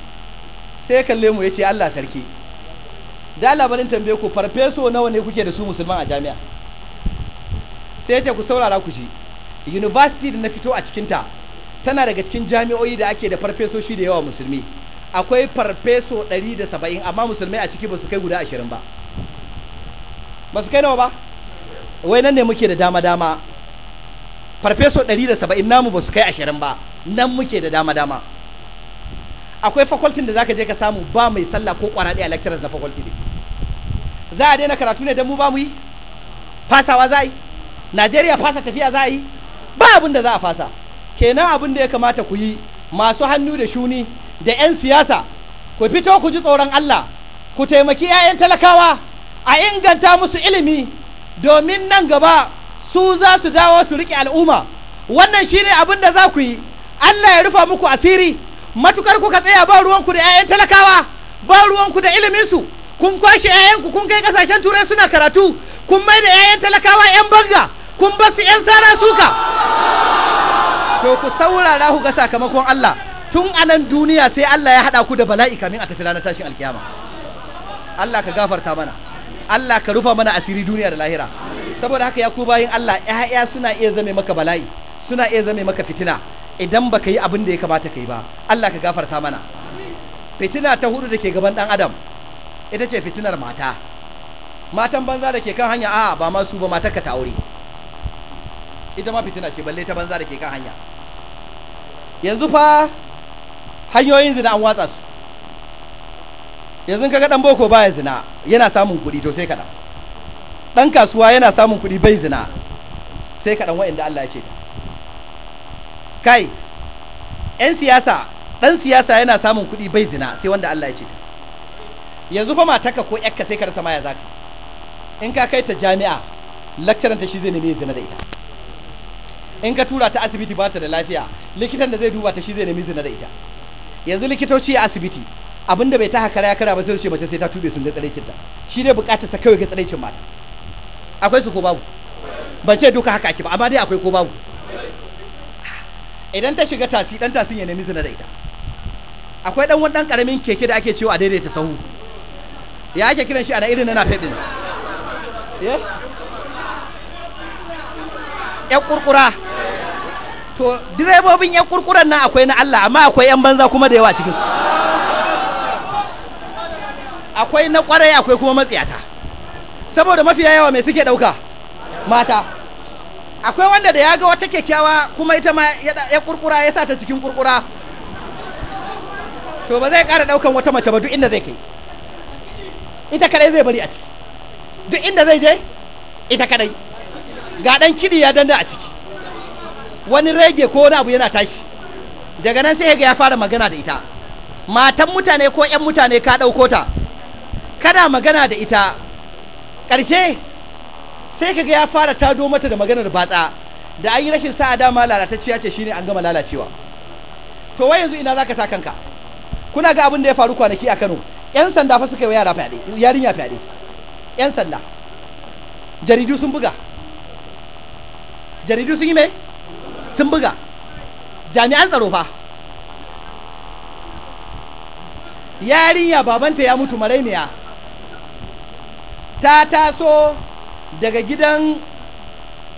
sai ya kalle mu ya ce allah sarki da labarin tambaye ku farfeso nawa ne kuke da su musulman a jami'a sai ya ce ku saurara ku ji university da na fito a cikinta tana daga cikin jami'o'i da ake da farfesoshi da yawa musulmi akwai farfeso 170 amma musulmai a ciki ba su kai guda 20 ba ba su kai nawa ba wai nan ne muke da dama dama farfeso 170 namu ba su kai ashirin ba nan muke da dama dama akwai fakultin da za ka je ka samu ba mai sallah ko kwana daya lecturers na fakulti ne za a daina karatu ne don mu ba mu yi fasawa za a yi Najeriya fasa tafiya za a yi ba abin da za a fasa kenan abin da ya kamata ku yi masu hannu da shuni da 'yan siyasa ku fito ku ji tsoron Allah ku taimaki 'ya'yan talakawa a inganta musu ilimi domin nan gaba su za su dawo su riƙe al'umma wannan shine abin da za ku yi allah ya rufa muku asiri matukar kuka tsaya ba ruwanku da 'ya'yan talakawa ba ruwanku da iliminsu kun kwashe 'ya'yanku kun kai kasashen turai suna karatu kun mai da 'ya'yan talakawa 'yan banga kun basu 'yan sara suka to ku saurara ku ga sakamakon allah tun a nan duniya sai allah ya haɗa ku da bala'i kamin a tafi ranar tashin alkiyama allah ka gafarta mana Allah ka rufa mana asiri duniya da lahira saboda haka ya ku bayin Allah ƴaƴa suna iya zame maka bala'i suna iya zame maka fitina idan baka yi abin da ya kamata kai ba Allah ka gafarta mana fitina ta hudu da ke gaban dan adam ita ce fitinar mata matan banza da ke kan hanya a'a ba ma su ba matar ka ta aure ita ma fitina ce balle ta banza da ke kan hanya yanzu fa hanyoyin zina an watsa su yanzu kaga dan boko baya zina yana samun kuɗi to sai kaɗan dan kasuwa yana samun kuɗi bai zina sai kaɗan wa'inda Allah ya ce ta kai 'yan siyasa dan siyasa yana samun kuɗi bai zina sai wanda Allah ya ce ta yanzu fa matarka ko yakka sai ka rasa maya zaka in ka kai ta jami'a lecturer ta shi zai nemi zina da ita in ka tura ta asibiti ba ta da lafiya likitan da zai duba ta shi zai nemi zina da ita yanzu likitoci a asibiti da bai ta hakara ya kara ba sai su ce mace sai ta tube sun ga tsaraicin ta shi dai bukatar sa kawai ga tsaraicin mata akwai su ko babu ban ce duka haka ake ba amma dai akwai ko babu idan ta shiga tasi dan tasin ya nemi zina da ita akwai dan wani dan karamin keke da ake cewa a daidaita sahu ya ake kiran shi ana irin na nafed din ya eh? kurkura to direbobin yan kurkuran nan akwai na Allah amma akwai yan banza kuma da yawa cikin su akwai na kwarai akwai kuma matsiyata saboda mafiya yawa mai suke dauka mata akwai wanda da ya ga wata kyakkyawa kuma ita ma ya kurkura ya sa ta cikin kurkura to ba zai kara daukan wata mace ba duk inda zai kai ita kadai zai bari a ciki duk inda zai je ita kadai ga dan kidi ya danda a ciki wani rage ko wani abu yana tashi daga nan sai ga ya fara magana da ita matan mutane ko 'yan mutane ka ɗauko ta kana magana da ita ƙarshe sai kaga ya fara tado mata da maganar batsa da an yi rashin sa'a dama lalatacciya ce shine an gama lalacewa to wai yanzu ina za ka sa kanka kuna ga abin da ya faru kwanaki a Kano yan sanda fa suka yi yara fyaɗe yarinya fyaɗe yan sanda jaridu sun buga jaridu sun yi mai sun buga jami'an tsaro fa yarinya babanta ya mutu marainiya ta taso daga gidan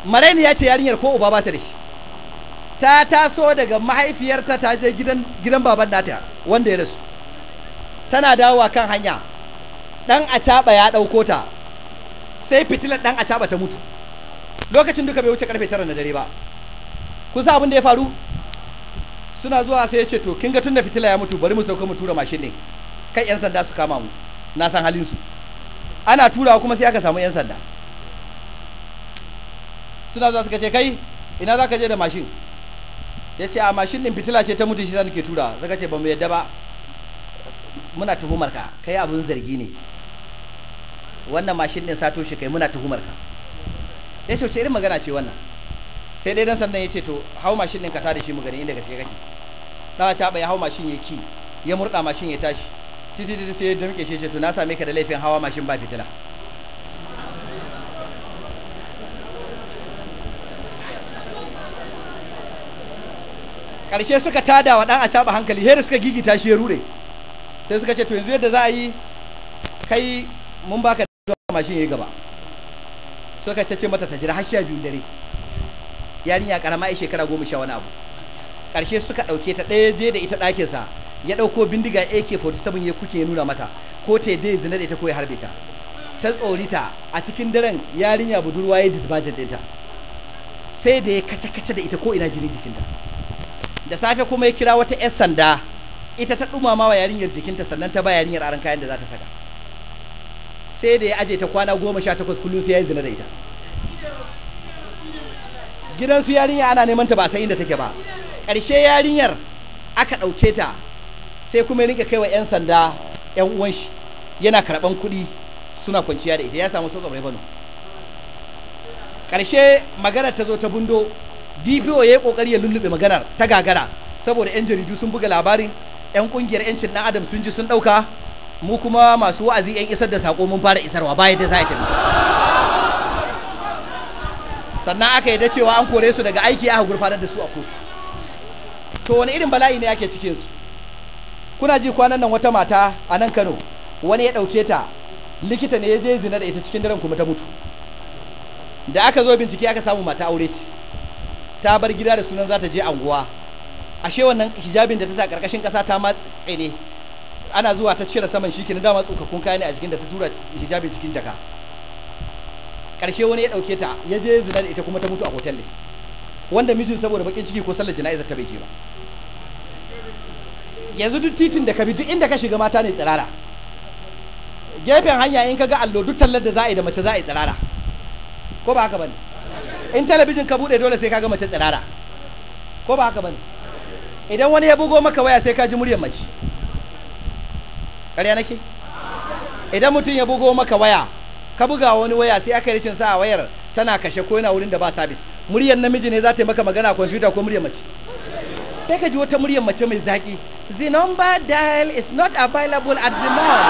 maraini ya ce yarinyar ko uba bata ta da shi ta taso daga mahaifiyarta ta je gidan baban nata wanda ya rasu tana dawowa kan hanya dan caba ya dauko ta sai fitilar dan caba ta mutu lokacin duka bai wuce karfe tara na dare ba kusa abin da ya faru suna zuwa sai ya ce to kin ga tunda fitila ya mutu bari mu sauka mu tura mashin din kai yan sanda su kama mu na san halin su ana turawa kuma sai aka samu 'yan sanda suna za su ce kai ina za ka je da mashin ya ce a mashin din fitila ce ta mutu shi ke tura suka ce ba mu yadda ba muna tuhumar ka kai abin zargi ne wannan mashin din sato shi kai muna tuhumar ka ya ce wace irin magana ce wannan sai dai dan sannan ya ce to hau mashin din ka tada shi mu gani inda gaske kake dawa ta ya hau mashin ya ki ya murda mashin ya tashi titi titi sai da muke shi to na same ka da laifin hawa mashin ba fitila karshe suka tada wa dan a caba hankali heri suka gigita shi ya rure sai suka ce to yanzu yadda za a yi kai mun baka mashin yayi gaba suka ce mata ta jira har sha biyun dare yarinya karama ai shekara goma sha wani abu karshe suka dauke ta ɗaya je da ita ɗakinsa ya dauko bindiga AK47 ya kuke nuna mata ko ta dai zina da ita ko ya harbe ta ta tsorita a cikin daren yarinya budurwa ya disbajen ɗinta sai da ya kace-kace da ita ko ina jini jikinta da safe kuma ya kira wata yar sanda ita ta ɗumama wa yarinyar jikinta sannan ta ba yarinyar aran kayan da za ta saka sai da ya aje ta kwana goma sha takwas kullum sai ya yi zina da ita gidansu yarinya ana neman ta ba sai inda take ba ƙarshe yarinyar aka ɗauke ta sai kuma ya rinka kai wa 'yan sanda 'yan uwan shi yana karɓan kuɗi suna kwanciya da ita ya samu sosa bano ƙarshe maganar ta zo ta bundo dpo ya yi ƙoƙari ya lullube maganar ta gagara saboda 'yan jaridu sun buga labarin 'yan ƙungiyar 'yancin ɗan adam sun ji sun ɗauka mu kuma masu wa'azi 'yan isar da saƙo mun fara isarwa baya da za a sannan aka yi da cewa an kore su daga aiki aka gurfanar da su a kotu to wani irin bala'i ne ake cikinsu kuna ji kwanan nan wata mata a nan Kano wani ya dauke ta likita ne ya je zina da ita cikin daren kuma ta mutu da aka zo bincike aka samu mata aure ce ta bar gida da sunan za ta je anguwa ashe wannan hijabin da ta sa karkashin kasa ta ma tsene ana zuwa ta cire saman shi kenan dama tsukakkun kaya ne a jikin da ta tura hijabin cikin jaka karshe wani ya dauke ta ya je zina da ita kuma ta mutu a hotel ne wanda mijin saboda bakin ciki ko sallar jana'iza ta bai je ba yanzu duk titin da ka bi duk inda ka shiga mata ne tsirara gefen hanya in ka ga allo duk tallar da za a yi da mace za a yi tsirara ko ba haka bane in talabijin ka bude dole sai ka ga mace tsirara ko ba haka bane idan wani ya bugo maka waya sai ka ji muryar mace ƙarya nake idan mutum ya bugo maka waya ka buga wani waya sai aka yi rashin sa a wayar tana kashe ko yana wurin da ba sabis muryar namiji ne za ta yi maka magana kwamfuta ko muryar mace sai ka ji wata muryar mace mai zaki the number dial is not available at the mall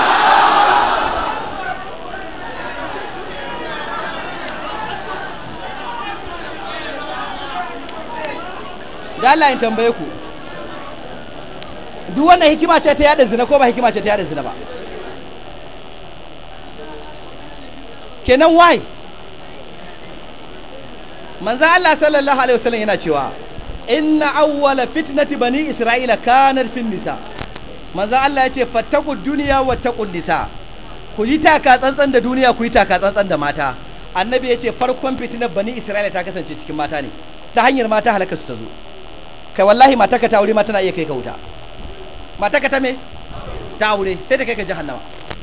da Allah in tambaye ku duk wannan hikima ce ta yada zina ko ba hikima ce ta yada zina ba kenan why manzo Allah sallallahu alaihi wasallam yana cewa inna awwala fitnati bani isra'ila kanar fin nisa manzan Allah ya ce fattaku duniya wa taqun nisa ku yi taka tsantsan da duniya ku yi taka tsantsan da mata annabi ya ce farkon fitinar bani isra'ila ta kasance cikin mata ne ta hanyar mata halaka su ta zo kai wallahi mata ka ta aure ma tana iya kai ka wuta mata ka ta me ta aure sai da kai ka jahannama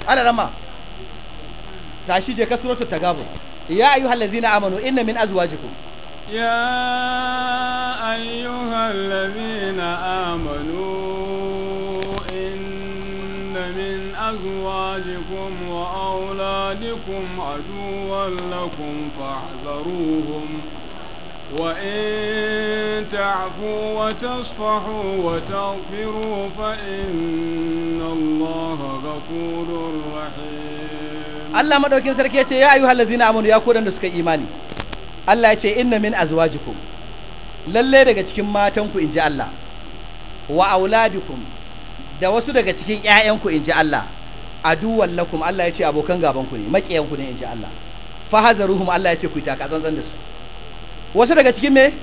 ala rama tashi je kasuwar suratul tagabun ya ayyuhallazina amanu inna min azwajikum يا أيها الذين آمنوا إن من أزواجكم وأولادكم عدوا لكم فاحذروهم وإن تعفوا وتصفحوا وتغفروا فإن الله غفور رحيم الله مدوكين سركيتي يا أيها الذين آمنوا يا كودن دسك إيماني Allah ya ce inna min azwajikum lalle daga cikin matanku inji Allah wa auladikum da wasu daga cikin ƴaƴanku inji Allah aduwwan lakum Allah ya ce abokan gabanku ne maƙiyanku ne inji Allah fahazaruhum Allah ya ce ku yi taka tsantsan da su wasu daga cikin me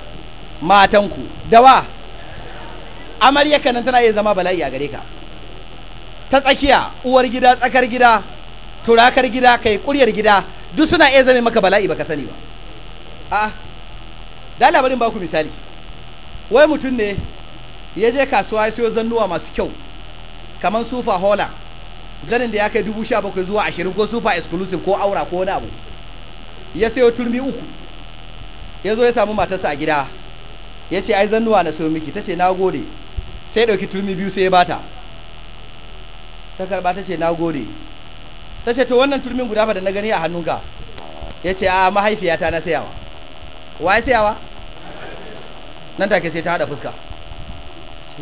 matanku dawa amarya kanan tana iya zama bala'i a gare ka ta tsakiya uwar gida tsakar gida turakar gida kai kuryar gida duk suna iya zame maka bala'i baka sani ba ah da labarin ba ku misali wai mutum ne ya je kasuwa ya siyo zannuwa masu kyau kamar sufa hola zanin da ya kai dubu sha bakwai zuwa ashirin ko sufa exclusive ko aura ko wani abu ya sayo turmi uku ya zo ya samu matarsa a gida ya ce ai zannuwa na sayo miki ta ce na gode sai ɗauki turmi biyu sai ya bata ta karɓa ta ce na gode ta ce to wannan turmin guda fa da na gani a hannunka ya ce a mahaifiyata na sayawa wa ya sayawa nan take sai ta hada fuska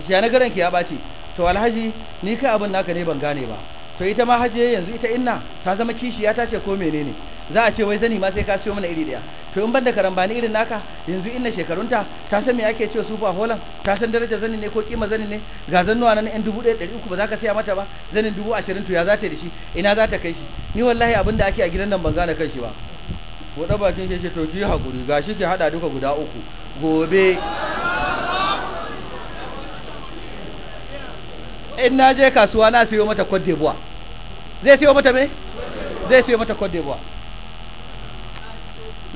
shi na nagaran ki ya bace. to alhaji ni kai abin naka ne ban gane ba to ita ma haje yanzu ita inna ta zama kishiya ta ce ko menene za a ce wai zani ma sai ka siyo mana iri daya to in banda karambani irin naka yanzu inna shekarunta ta san me ake cewa super holan? ta san daraja zani ne ko kima zani ne ga zannuwa nan yan dubu ɗari uku ba za ka siya mata ba zanin dubu ashirin to ya za ta da shi ina za ta kai shi ni wallahi abin da ake a gidan nan ban gane kan shi ba buɗe bakin shi ce to haƙuri ga shi ke haɗa duka guda uku gobe in na je kasuwa na siyo mata cote d'ivoire zai siyo mata me zai siyo mata cote d'ivoire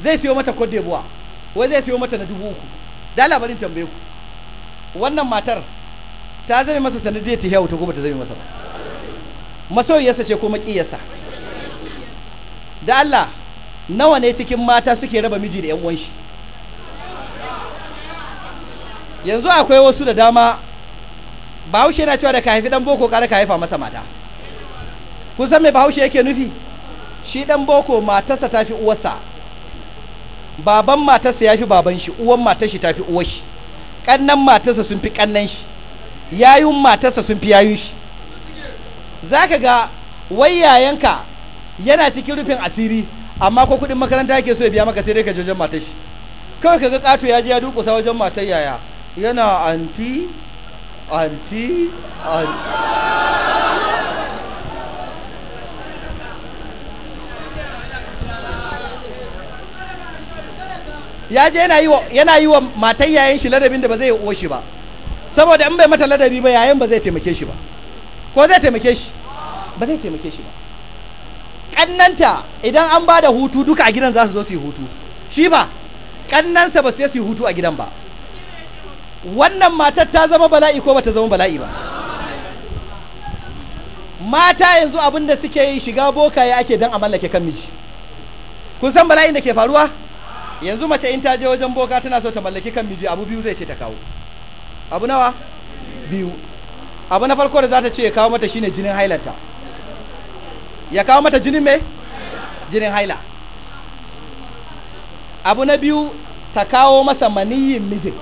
zai siyo mata cote d'ivoire wai zai siyo mata na dubu uku da labarin tambaye ku wannan matar ta zame masa sanadiyar ta hiyau ta goma ta zame masa ba masoyiyarsa ce ko makiyarsa da Allah nawa ne cikin mata suke raba miji da 'yan uwanshi? shi yanzu akwai wasu da dama bahaushe na cewa da ka haifi dan boko ƙara ka haifa masa mata kun san me bahaushe yake nufi shi dan boko matarsa ta fi uwarsa baban matarsa ya fi baban shi uwan matarsa ta fi uwar shi kannan matarsa sun fi kannan shi yayun matarsa sun fi yayun shi Za ka ga wai yayanka yana cikin rufin asiri amma ko kuɗin makaranta yake so ya biya maka sai dai ka je wajen matar shi kawai kaga kato ya je ya durƙusa wajen matar yaya yana anti anti anti ya je yana yi wa matar yayan shi ladabin da ba zai uwa shi ba saboda in bai mata ladabi ba yayan ba zai taimake shi ba ko zai taimake shi ba zai taimake shi ba kannanta idan an ba da hutu duka a gidan za su zo su yi hutu shi ba kannansa ba su yi hutu a gidan ba wannan matar ta zama bala'i ko bata zama bala'i ba mata yanzu abin da suke yi shiga bokaye ake don a mallake kan miji kun san bala'in da ke faruwa yanzu mace in ta je wajen boka tana so ta mallaki kan miji abu biyu zai ce ta kawo abu nawa biyu abu na farko da za ta ce ya kawo mata shine jinin hailanta ya kawo mata jinin mai jinin haila abu na biyu ta kawo masa maniyin mijin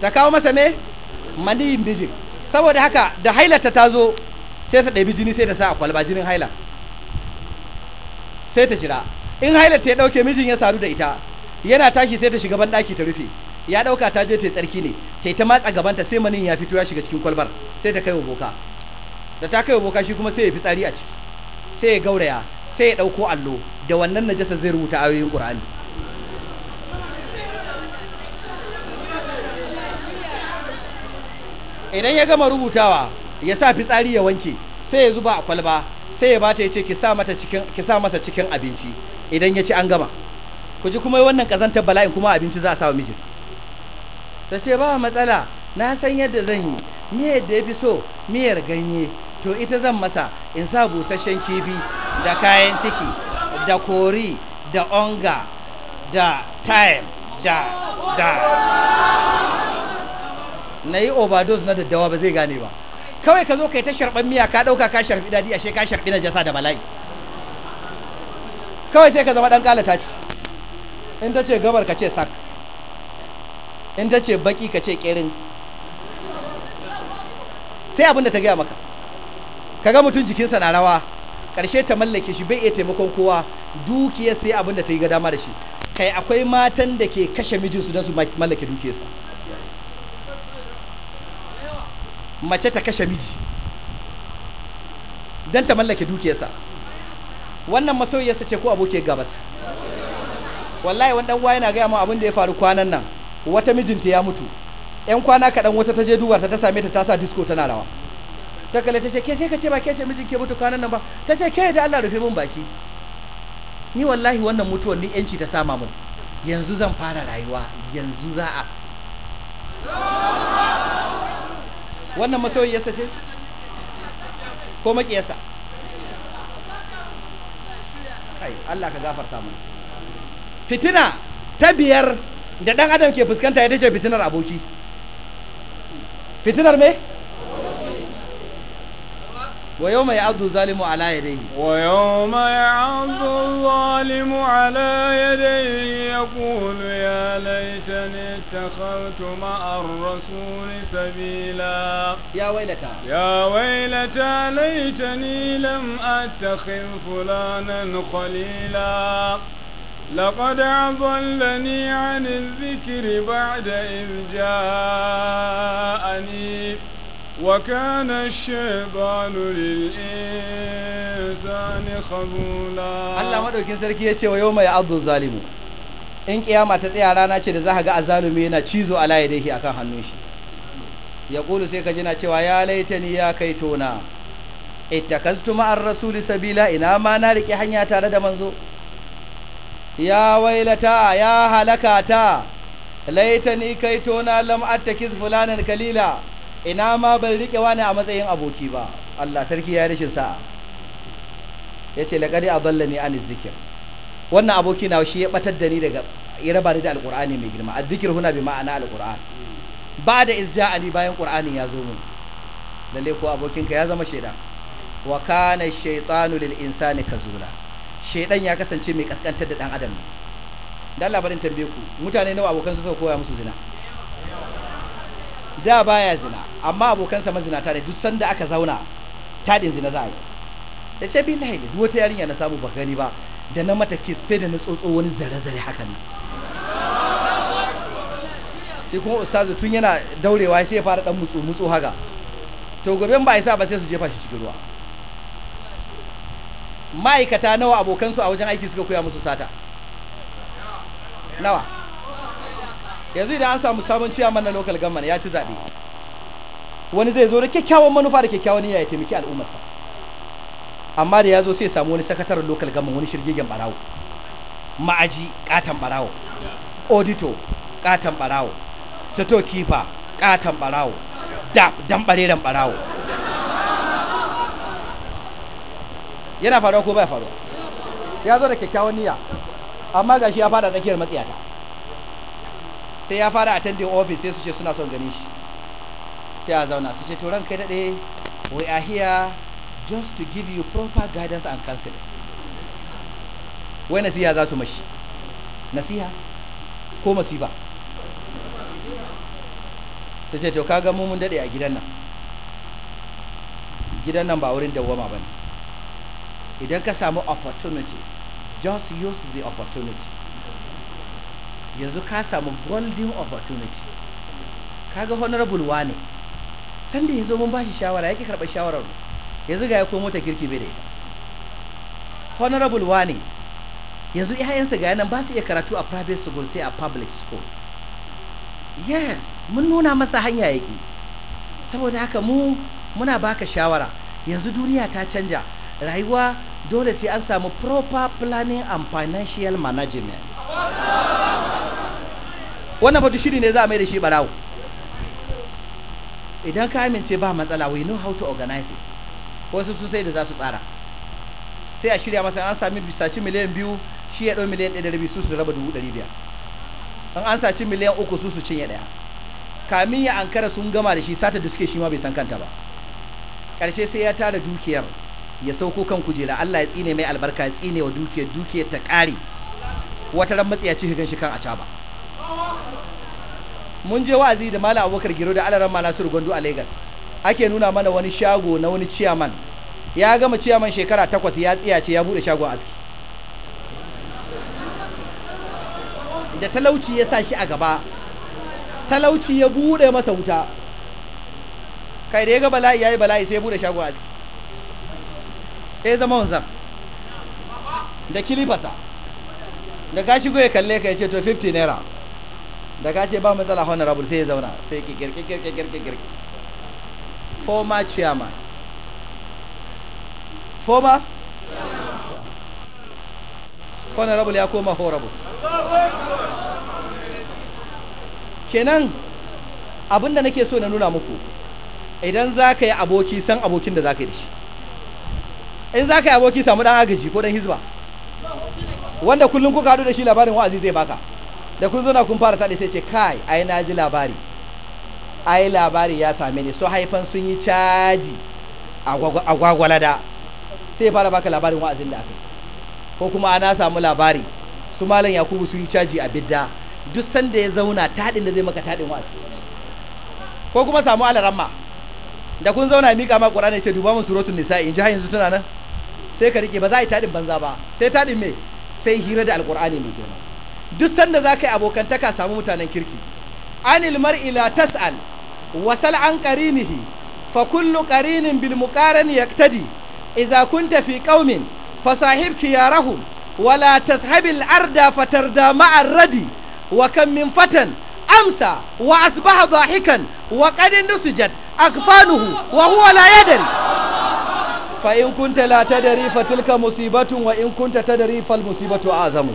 ta kawo masa mai maniyin mijin saboda haka da hailata ta zo sai ta ɗabi jini sai ta sa a kwalba jinin haila sai ta jira in hailata ya ɗauke mijin ya saru da ita yana tashi sai ta shiga ban ɗaki ta rufe ya ɗauka ta je ta yi tsarki ne ta yi ta matsa gabanta sai manin ya fito ya shiga cikin kwalbar sai ta kai wa boka da ta kai wa boka shi kuma sai ya fi tsari a ciki sai ya gauraya sai ya dauko allo da wannan najasa zai rubuta ayoyin qur'ani. idan ya gama rubutawa ya sa fitsari ya wanke sai ya zuba a kwalba sai ya bata ya ce ki sa masa cikin abinci idan ya ci an gama ku ji kuma wannan kazantar bala'in kuma abinci za a sa wa mijin ta ce ba matsala na san yadda zan yi miyar da ya fi so miyar ganye to ita zan masa in sa busasshen kifi da kayan ciki da kori da onga da time da da na yi overdose na daddawa ba zai gane ba kawai ka zo ka yi ta sharɓar miya ka ɗauka ka sharɓi daɗi ashe ka sharɓi na jasa da bala'i kawai sai ka zama ɗan ƙalata ce in ta ce gabar ka ce sak in ta ce baki ka ce ƙirin sai abin da ta gaya maka kaga mutum jikinsa na rawa karshe ta mallake shi bai iya taimakon kowa dukiyar sai abin da ta yi ga dama da shi kai akwai matan da ke kashe mijinsu don su mallake dukiyarsa mace ta kashe miji don ta mallake dukiyarsa wannan masoyiyarsa ce ko abokin gabas wallahi wani dan yana gaya mu abin da ya faru kwanan nan wata mijinta ya mutu yan kwana kaɗan wata ta je duba ta ta same ta ta sa disco tana rawa ta kalle ta ce ke sai ka ce ba ke ce mijin ke mutu kwanan nan ba ta ce ke da Allah rufe min baki ni wallahi wannan mutuwan ni yanci ta sama mun yanzu zan fara rayuwa yanzu za a wannan masoyiyarsa ce ko makiyarsa kai Allah ka gafarta mun fitina ta biyar da dan adam ke fuskanta ya dace fitinar aboki fitinar me ويوم يعض الظالم على يديه ويوم يعض الظالم على يديه يقول يا ليتني اتخذت مع الرسول سبيلا يا ويلتى يا ويلتى ليتني لم اتخذ فلانا خليلا لقد أضلني عن الذكر بعد إذ جاءني وكان الشيطان للإنسان خذولا الله ما دوkin sarki yace wa yawma ya'dhu zalimu in ƙiyama ta tsaya rana ce da za ka ga azalumi yana cizo ala yadayhi akan hannun shi ya kulu sai ka na cewa ya laitani ya kai tona ittakastu ma'ar rasuli sabila ina ma na rike hanya tare da manzo ya wailata ya halaka ta laitani kai tona lam attakiz fulanan kalila ina ma ban riƙe wani a matsayin aboki ba Allah sarki ya rishin sa'a ya ce laƙari a balla ne an zikir wannan aboki na shi ya ɓatar da ni daga ya raba da alƙur'ani mai girma zikir huna bi ma'ana alƙur'an ba da ali bayan ƙur'ani ya zo mun lalle ko abokinka ya zama shaida. wa kana shaytanu lil insani kazula shaidan ya kasance mai kaskantar da dan adam ne dan labarin tambaye ku mutane nawa abokan su suka koya musu zina da baya zina amma abokansa mazinata ne duk sanda aka zauna tadin zina za a yi ya ce billahi ne wata yarinya na samu ba gani ba da na mata kis sai da na tsotso wani zare-zare hakan ne sai kuma ustazu tun yana daurewa sai ya fara dan mutsu mutsu haka to gobe ba isa ba sai su jefa shi cikin ruwa ma'aikata nawa abokansu a wajen aiki suka koya musu sata nawa yanzu idan an samu sabon ciyaman na local government ya ci zaɓe wani zai zo da kyakkyawan manufa da kyakkyawan niyya ya taimaki al'ummarsa amma da ya zo sai ya samu wani sakataren local government wani shirgegen barawo ma'aji katon barawo odito katon barawo sato kifa katon barawo dap dan bareren barawo yana faruwa ko ba ya faruwa ya zo da kyakkyawan niyya amma gashi ya fada tsakiyar matsiyata sai ya fara attending office sai su ce suna son ganin shi sai a zauna su ce to kai daɗe we are here just to give you proper guidance and counseling wai nasiha za su mashi nasiha ko masifa sai ce to kaga mu mun daɗe a gidan nan gidan nan ba wurin dawwama ba ne idan ka samu opportunity just use the opportunity yanzu ka samu golden opportunity kaga honorable wane sanda ya zo mun bashi shawara yake karɓar shawarar yanzu ga ya komo ta kirki bai da ita honorable wane yanzu iyayensa ga yanan ba su iya karatu a private school sai a public school yes mun nuna masa hanya yake saboda haka mu muna baka shawara yanzu duniya ta canja rayuwa dole sai an samu proper planning and financial management wannan fa shiri ne za a mai da shi barawo idan ka amince ba matsala we know how to organize it wasu sun sai da za su tsara sai a shirya masa an sami saci miliyan biyu shi ya ɗau miliyan ɗaya da rabi su su raba dubu ɗari biyar An an saci miliyan uku su su cinye ɗaya kamin ya ankara sun gama da shi sata da suke shi ma bai san kanta ba ƙarshe sai ya tara dukiyar ya sauko kan kujera Allah ya tsine mai albarka ya tsine wa dukiyar dukiyar ta ƙare wata ran ci kan shi kan acaba mun je wa'azi da malam abubakar giro da alaran ma nasiru gondo a lagos ake nuna mana wani shago na wani ciyaman ya gama ciyaman shekara takwas ya tsiya ce, ya bude shagon aski da talauci ya sa shi a gaba talauci ya bude masa wuta kai da ya ga bala'i ya yi bala'i sai ya bude shagon aski ya zama wanzan da kilifasa da gashi ya kalle ka ya ce to 50 naira da ka ce ba matsala honorable sai ya zauna sai kirkirkirkirkirkir former chairman former honorable ya koma horrible kenan abinda nake so na nuna muku idan za ka yi aboki san abokin da za ka yi da shi in za ka yi aboki samu dan agaji ko dan hizba wanda kullum kuka haɗu da shi labarin wa'azi zai baka da kun zauna kun fara taɗi sai ce kai ai na ji labari ai labari ya same ni su haifan sun yi caji a gwagwalada sai ya fara baka labarin wa'azin da aka yi ko kuma ana samu labari su malam yakubu sun yi caji a bidda duk sanda ya zauna taɗin da zai maka taɗin wa'azi ko kuma samu alaramma da kun zauna mika ma ne ce duba mun surutun nisa in ji har yanzu tana nan sai ka riƙe ba za a yi taɗin banza ba sai taɗin me sai hira da alƙur'ani mai girma duk sanda za ka yi abokantaka samu mutanen kirki anil mar'i la tas'al wasal an qarinihi fa kullu qarinin bil muqaran yaktadi idza kunta fi qaumin fasahib wa la tashabil arda fatarda ma'a radi wa kam min fatan amsa wa asbaha dahikan wa qad nusijat akfanuhu wa huwa la yadri fa in kunta la tadri fa tilka musibatun wa in kunta tadri fal musibatu azamu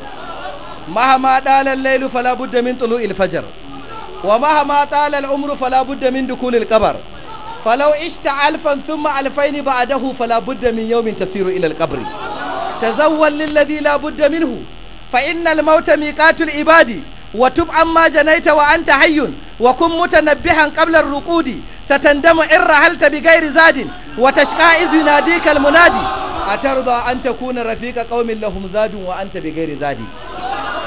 مهما طال الليل فلا بد من طلوع الفجر ومهما طال العمر فلا بد من دخول القبر فلو عشت ألفا ثم ألفين بعده فلا بد من يوم تسير إلى القبر تزول للذي لا بد منه فإن الموت ميقات العباد وتب عما جنيت وأنت حي وكن متنبها قبل الرقود ستندم إن رحلت بغير زاد وتشقى إذ يناديك المنادي أترضى أن تكون رفيق قوم لهم زاد وأنت بغير زاد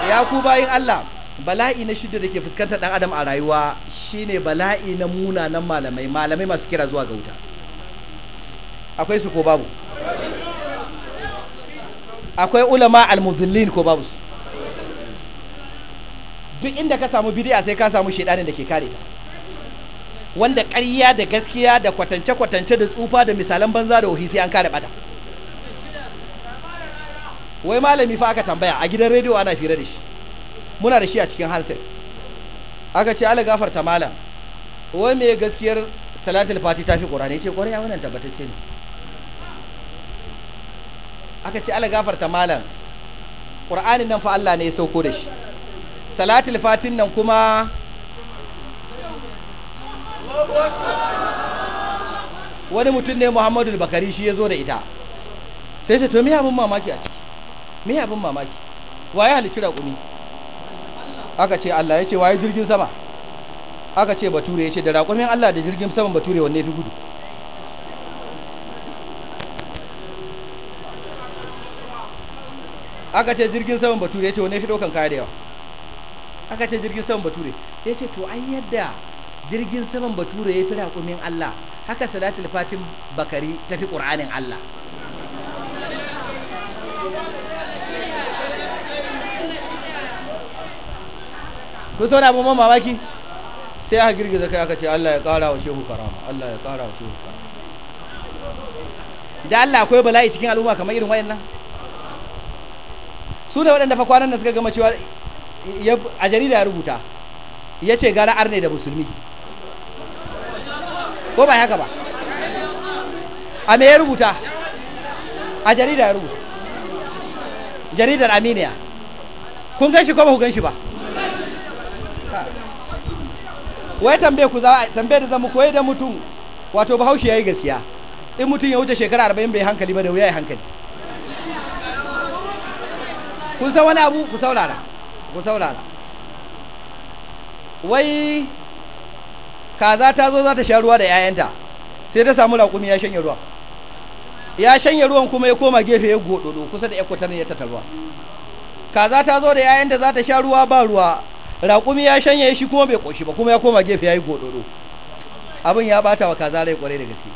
ya ku bayin Allah bala'i na shidda da ke fuskantar dan adam a rayuwa shine bala'i na munanan malamai malamai masu kira zuwa ga wuta akwai su ko babu akwai ulama almudillin ko babu su duk inda ka samu bidiya sai ka samu shedanin da ke kare ta wanda ƙarya da gaskiya da kwatance-kwatance da tsufa da misalan banza da ohi sai an kare bata wai malami fa aka tambaya a gidan rediyo ana fira da shi muna da shi a cikin hanset aka ce ala gafarta malam wai me gaskiyar salatul fati ta fi ƙurani ce ƙwarya wannan tabbatacce ne aka ce ala gafarta malam ƙur'anin nan fa Allah ne ya sauko da shi salatul fatin nan kuma wani mutum ne muhammadu bakari shi ya zo da ita sai ce to me abin mamaki a ciki me abin mamaki waye halicci raƙumi aka ce Allah ya ce waye jirgin sama aka ce bature ya ce da raƙumin Allah da jirgin sama bature wanne fi gudu aka ce jirgin saman bature ya ce wanne fi ɗaukan kaya da yawa aka ce jirgin saman bature ya ce to an yadda jirgin saman bature ya fi raƙumin Allah haka salatul fatim bakari ta fi ƙur'anin Allah kun sauna abin ban mamaki sai aka girgiza kai aka ce Allah ya kara wa shehu karama Allah ya kara wa shehu karama da Allah akwai bala'i cikin al'umma kamar irin wayannan su ne waɗanda fa kwanan nan suka gama cewa a jarida ya rubuta ya ce gara arne da musulmi ko ba haka ba a me ya rubuta a jarida ya rubuta jaridar aminiya kun gan shi ko ba ku gan shi ba wai tambaye ku tambaye da zama koyi da mutum wato bahaushe yi gaskiya in mutum ya wuce shekara arba'in bai hankali ba da wuya ya hankali kun san wani abu ku saurara ku saurara wai kaza ta zo za ta sha ruwa da 'ya'yanta sai ta samu raƙumi ya shanye ruwa ya shanye ruwan kuma ya koma gefe ya gododo kusa da ekwatar ya tatarwa kaza ta zo da 'ya'yanta za ta sha ruwa ba ruwa raƙumi ya shanye shi kuma bai ƙoshi ba kuma ya koma gefe yayi yi gododo abin ya bata wa kaza rai kwarai da gaske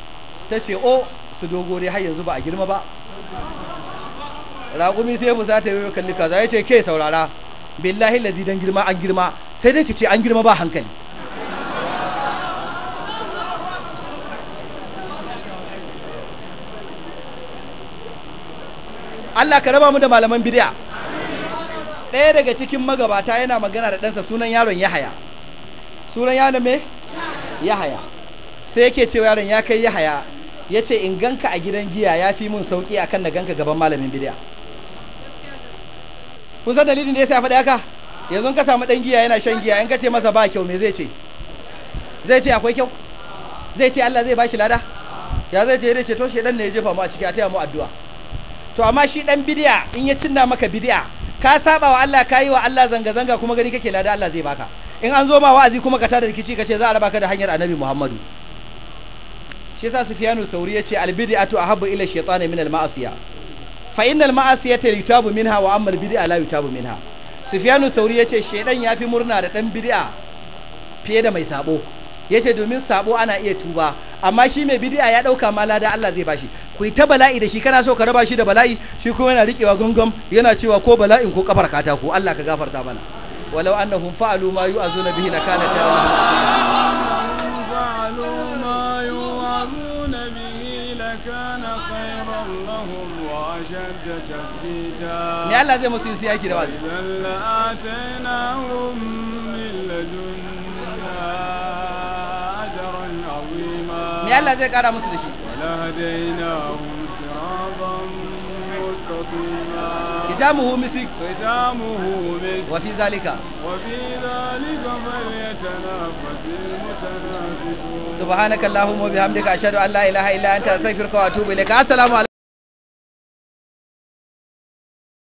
ta ce o oh, su dogo dai har yanzu ba a girma ba raƙumi sai mu ta yi kalli kaza ya ce ke saurara billahi lazi dan girma an girma sai dai ki an girma ba hankali Allah ka raba mu da malaman bid'a ɗaya daga cikin magabata yana magana da ɗansa sunan yaron yahaya sunan yaron me yahaya sai yake cewa yaron ya kai yahaya ya ce in ganka a gidan giya ya fi mun sauki kan na ganka gaban malamin bidiya Kun san dalilin da ya sa faɗi haka yanzu ka samu ɗan giya yana shan giya in ka ce masa ba kyau me zai ce zai ce akwai kyau zai ce Allah zai ba lada ya zai je zai ce to shi dan ne ya jefa mu a ciki a taya mu addu'a to amma shi dan bidiya in ya cinna maka bidiya ka saba wa Allah ka yi wa Allah zanga-zanga kuma gani kake lada Allah zai baka in an zo ma wa'azi kuma ka tada rikici ka ce za a raba ka da hanyar annabi Muhammadu shi yasa Sufyanu Sauri yace albid'atu ahabbu ila shaytani min al-ma'asiya fa innal ma'asiyata yutabu minha wa amma al-bid'a la yutabu minha Sufyanu Sauri yace shaydan yafi murna da dan bid'a fiye da mai sabo ya ce domin sabo ana iya tuba amma shi mai bidiya ya dauka ma lada Allah zai bashi ku yi ta bala'i da shi kana so ka raba shi da bala'i shi kuma yana rikewa gungun yana cewa ko bala'in ko kafar katako Allah ka gafarta mana walau annahum fa'alu ma yu'azuna bihi lakana khayran lahum وأشد تثبيتا. يا الله زي ما سيسي da wazi. بل آتيناهم من me Allah zai kara musu da shi ختامه مسك ختامه مسك وفي ذلك وفي ذلك فليتنافس المتنافسون سبحانك اللهم وبحمدك أشهد أن لا إله إلا أنت أستغفرك وأتوب إليك السلام عليكم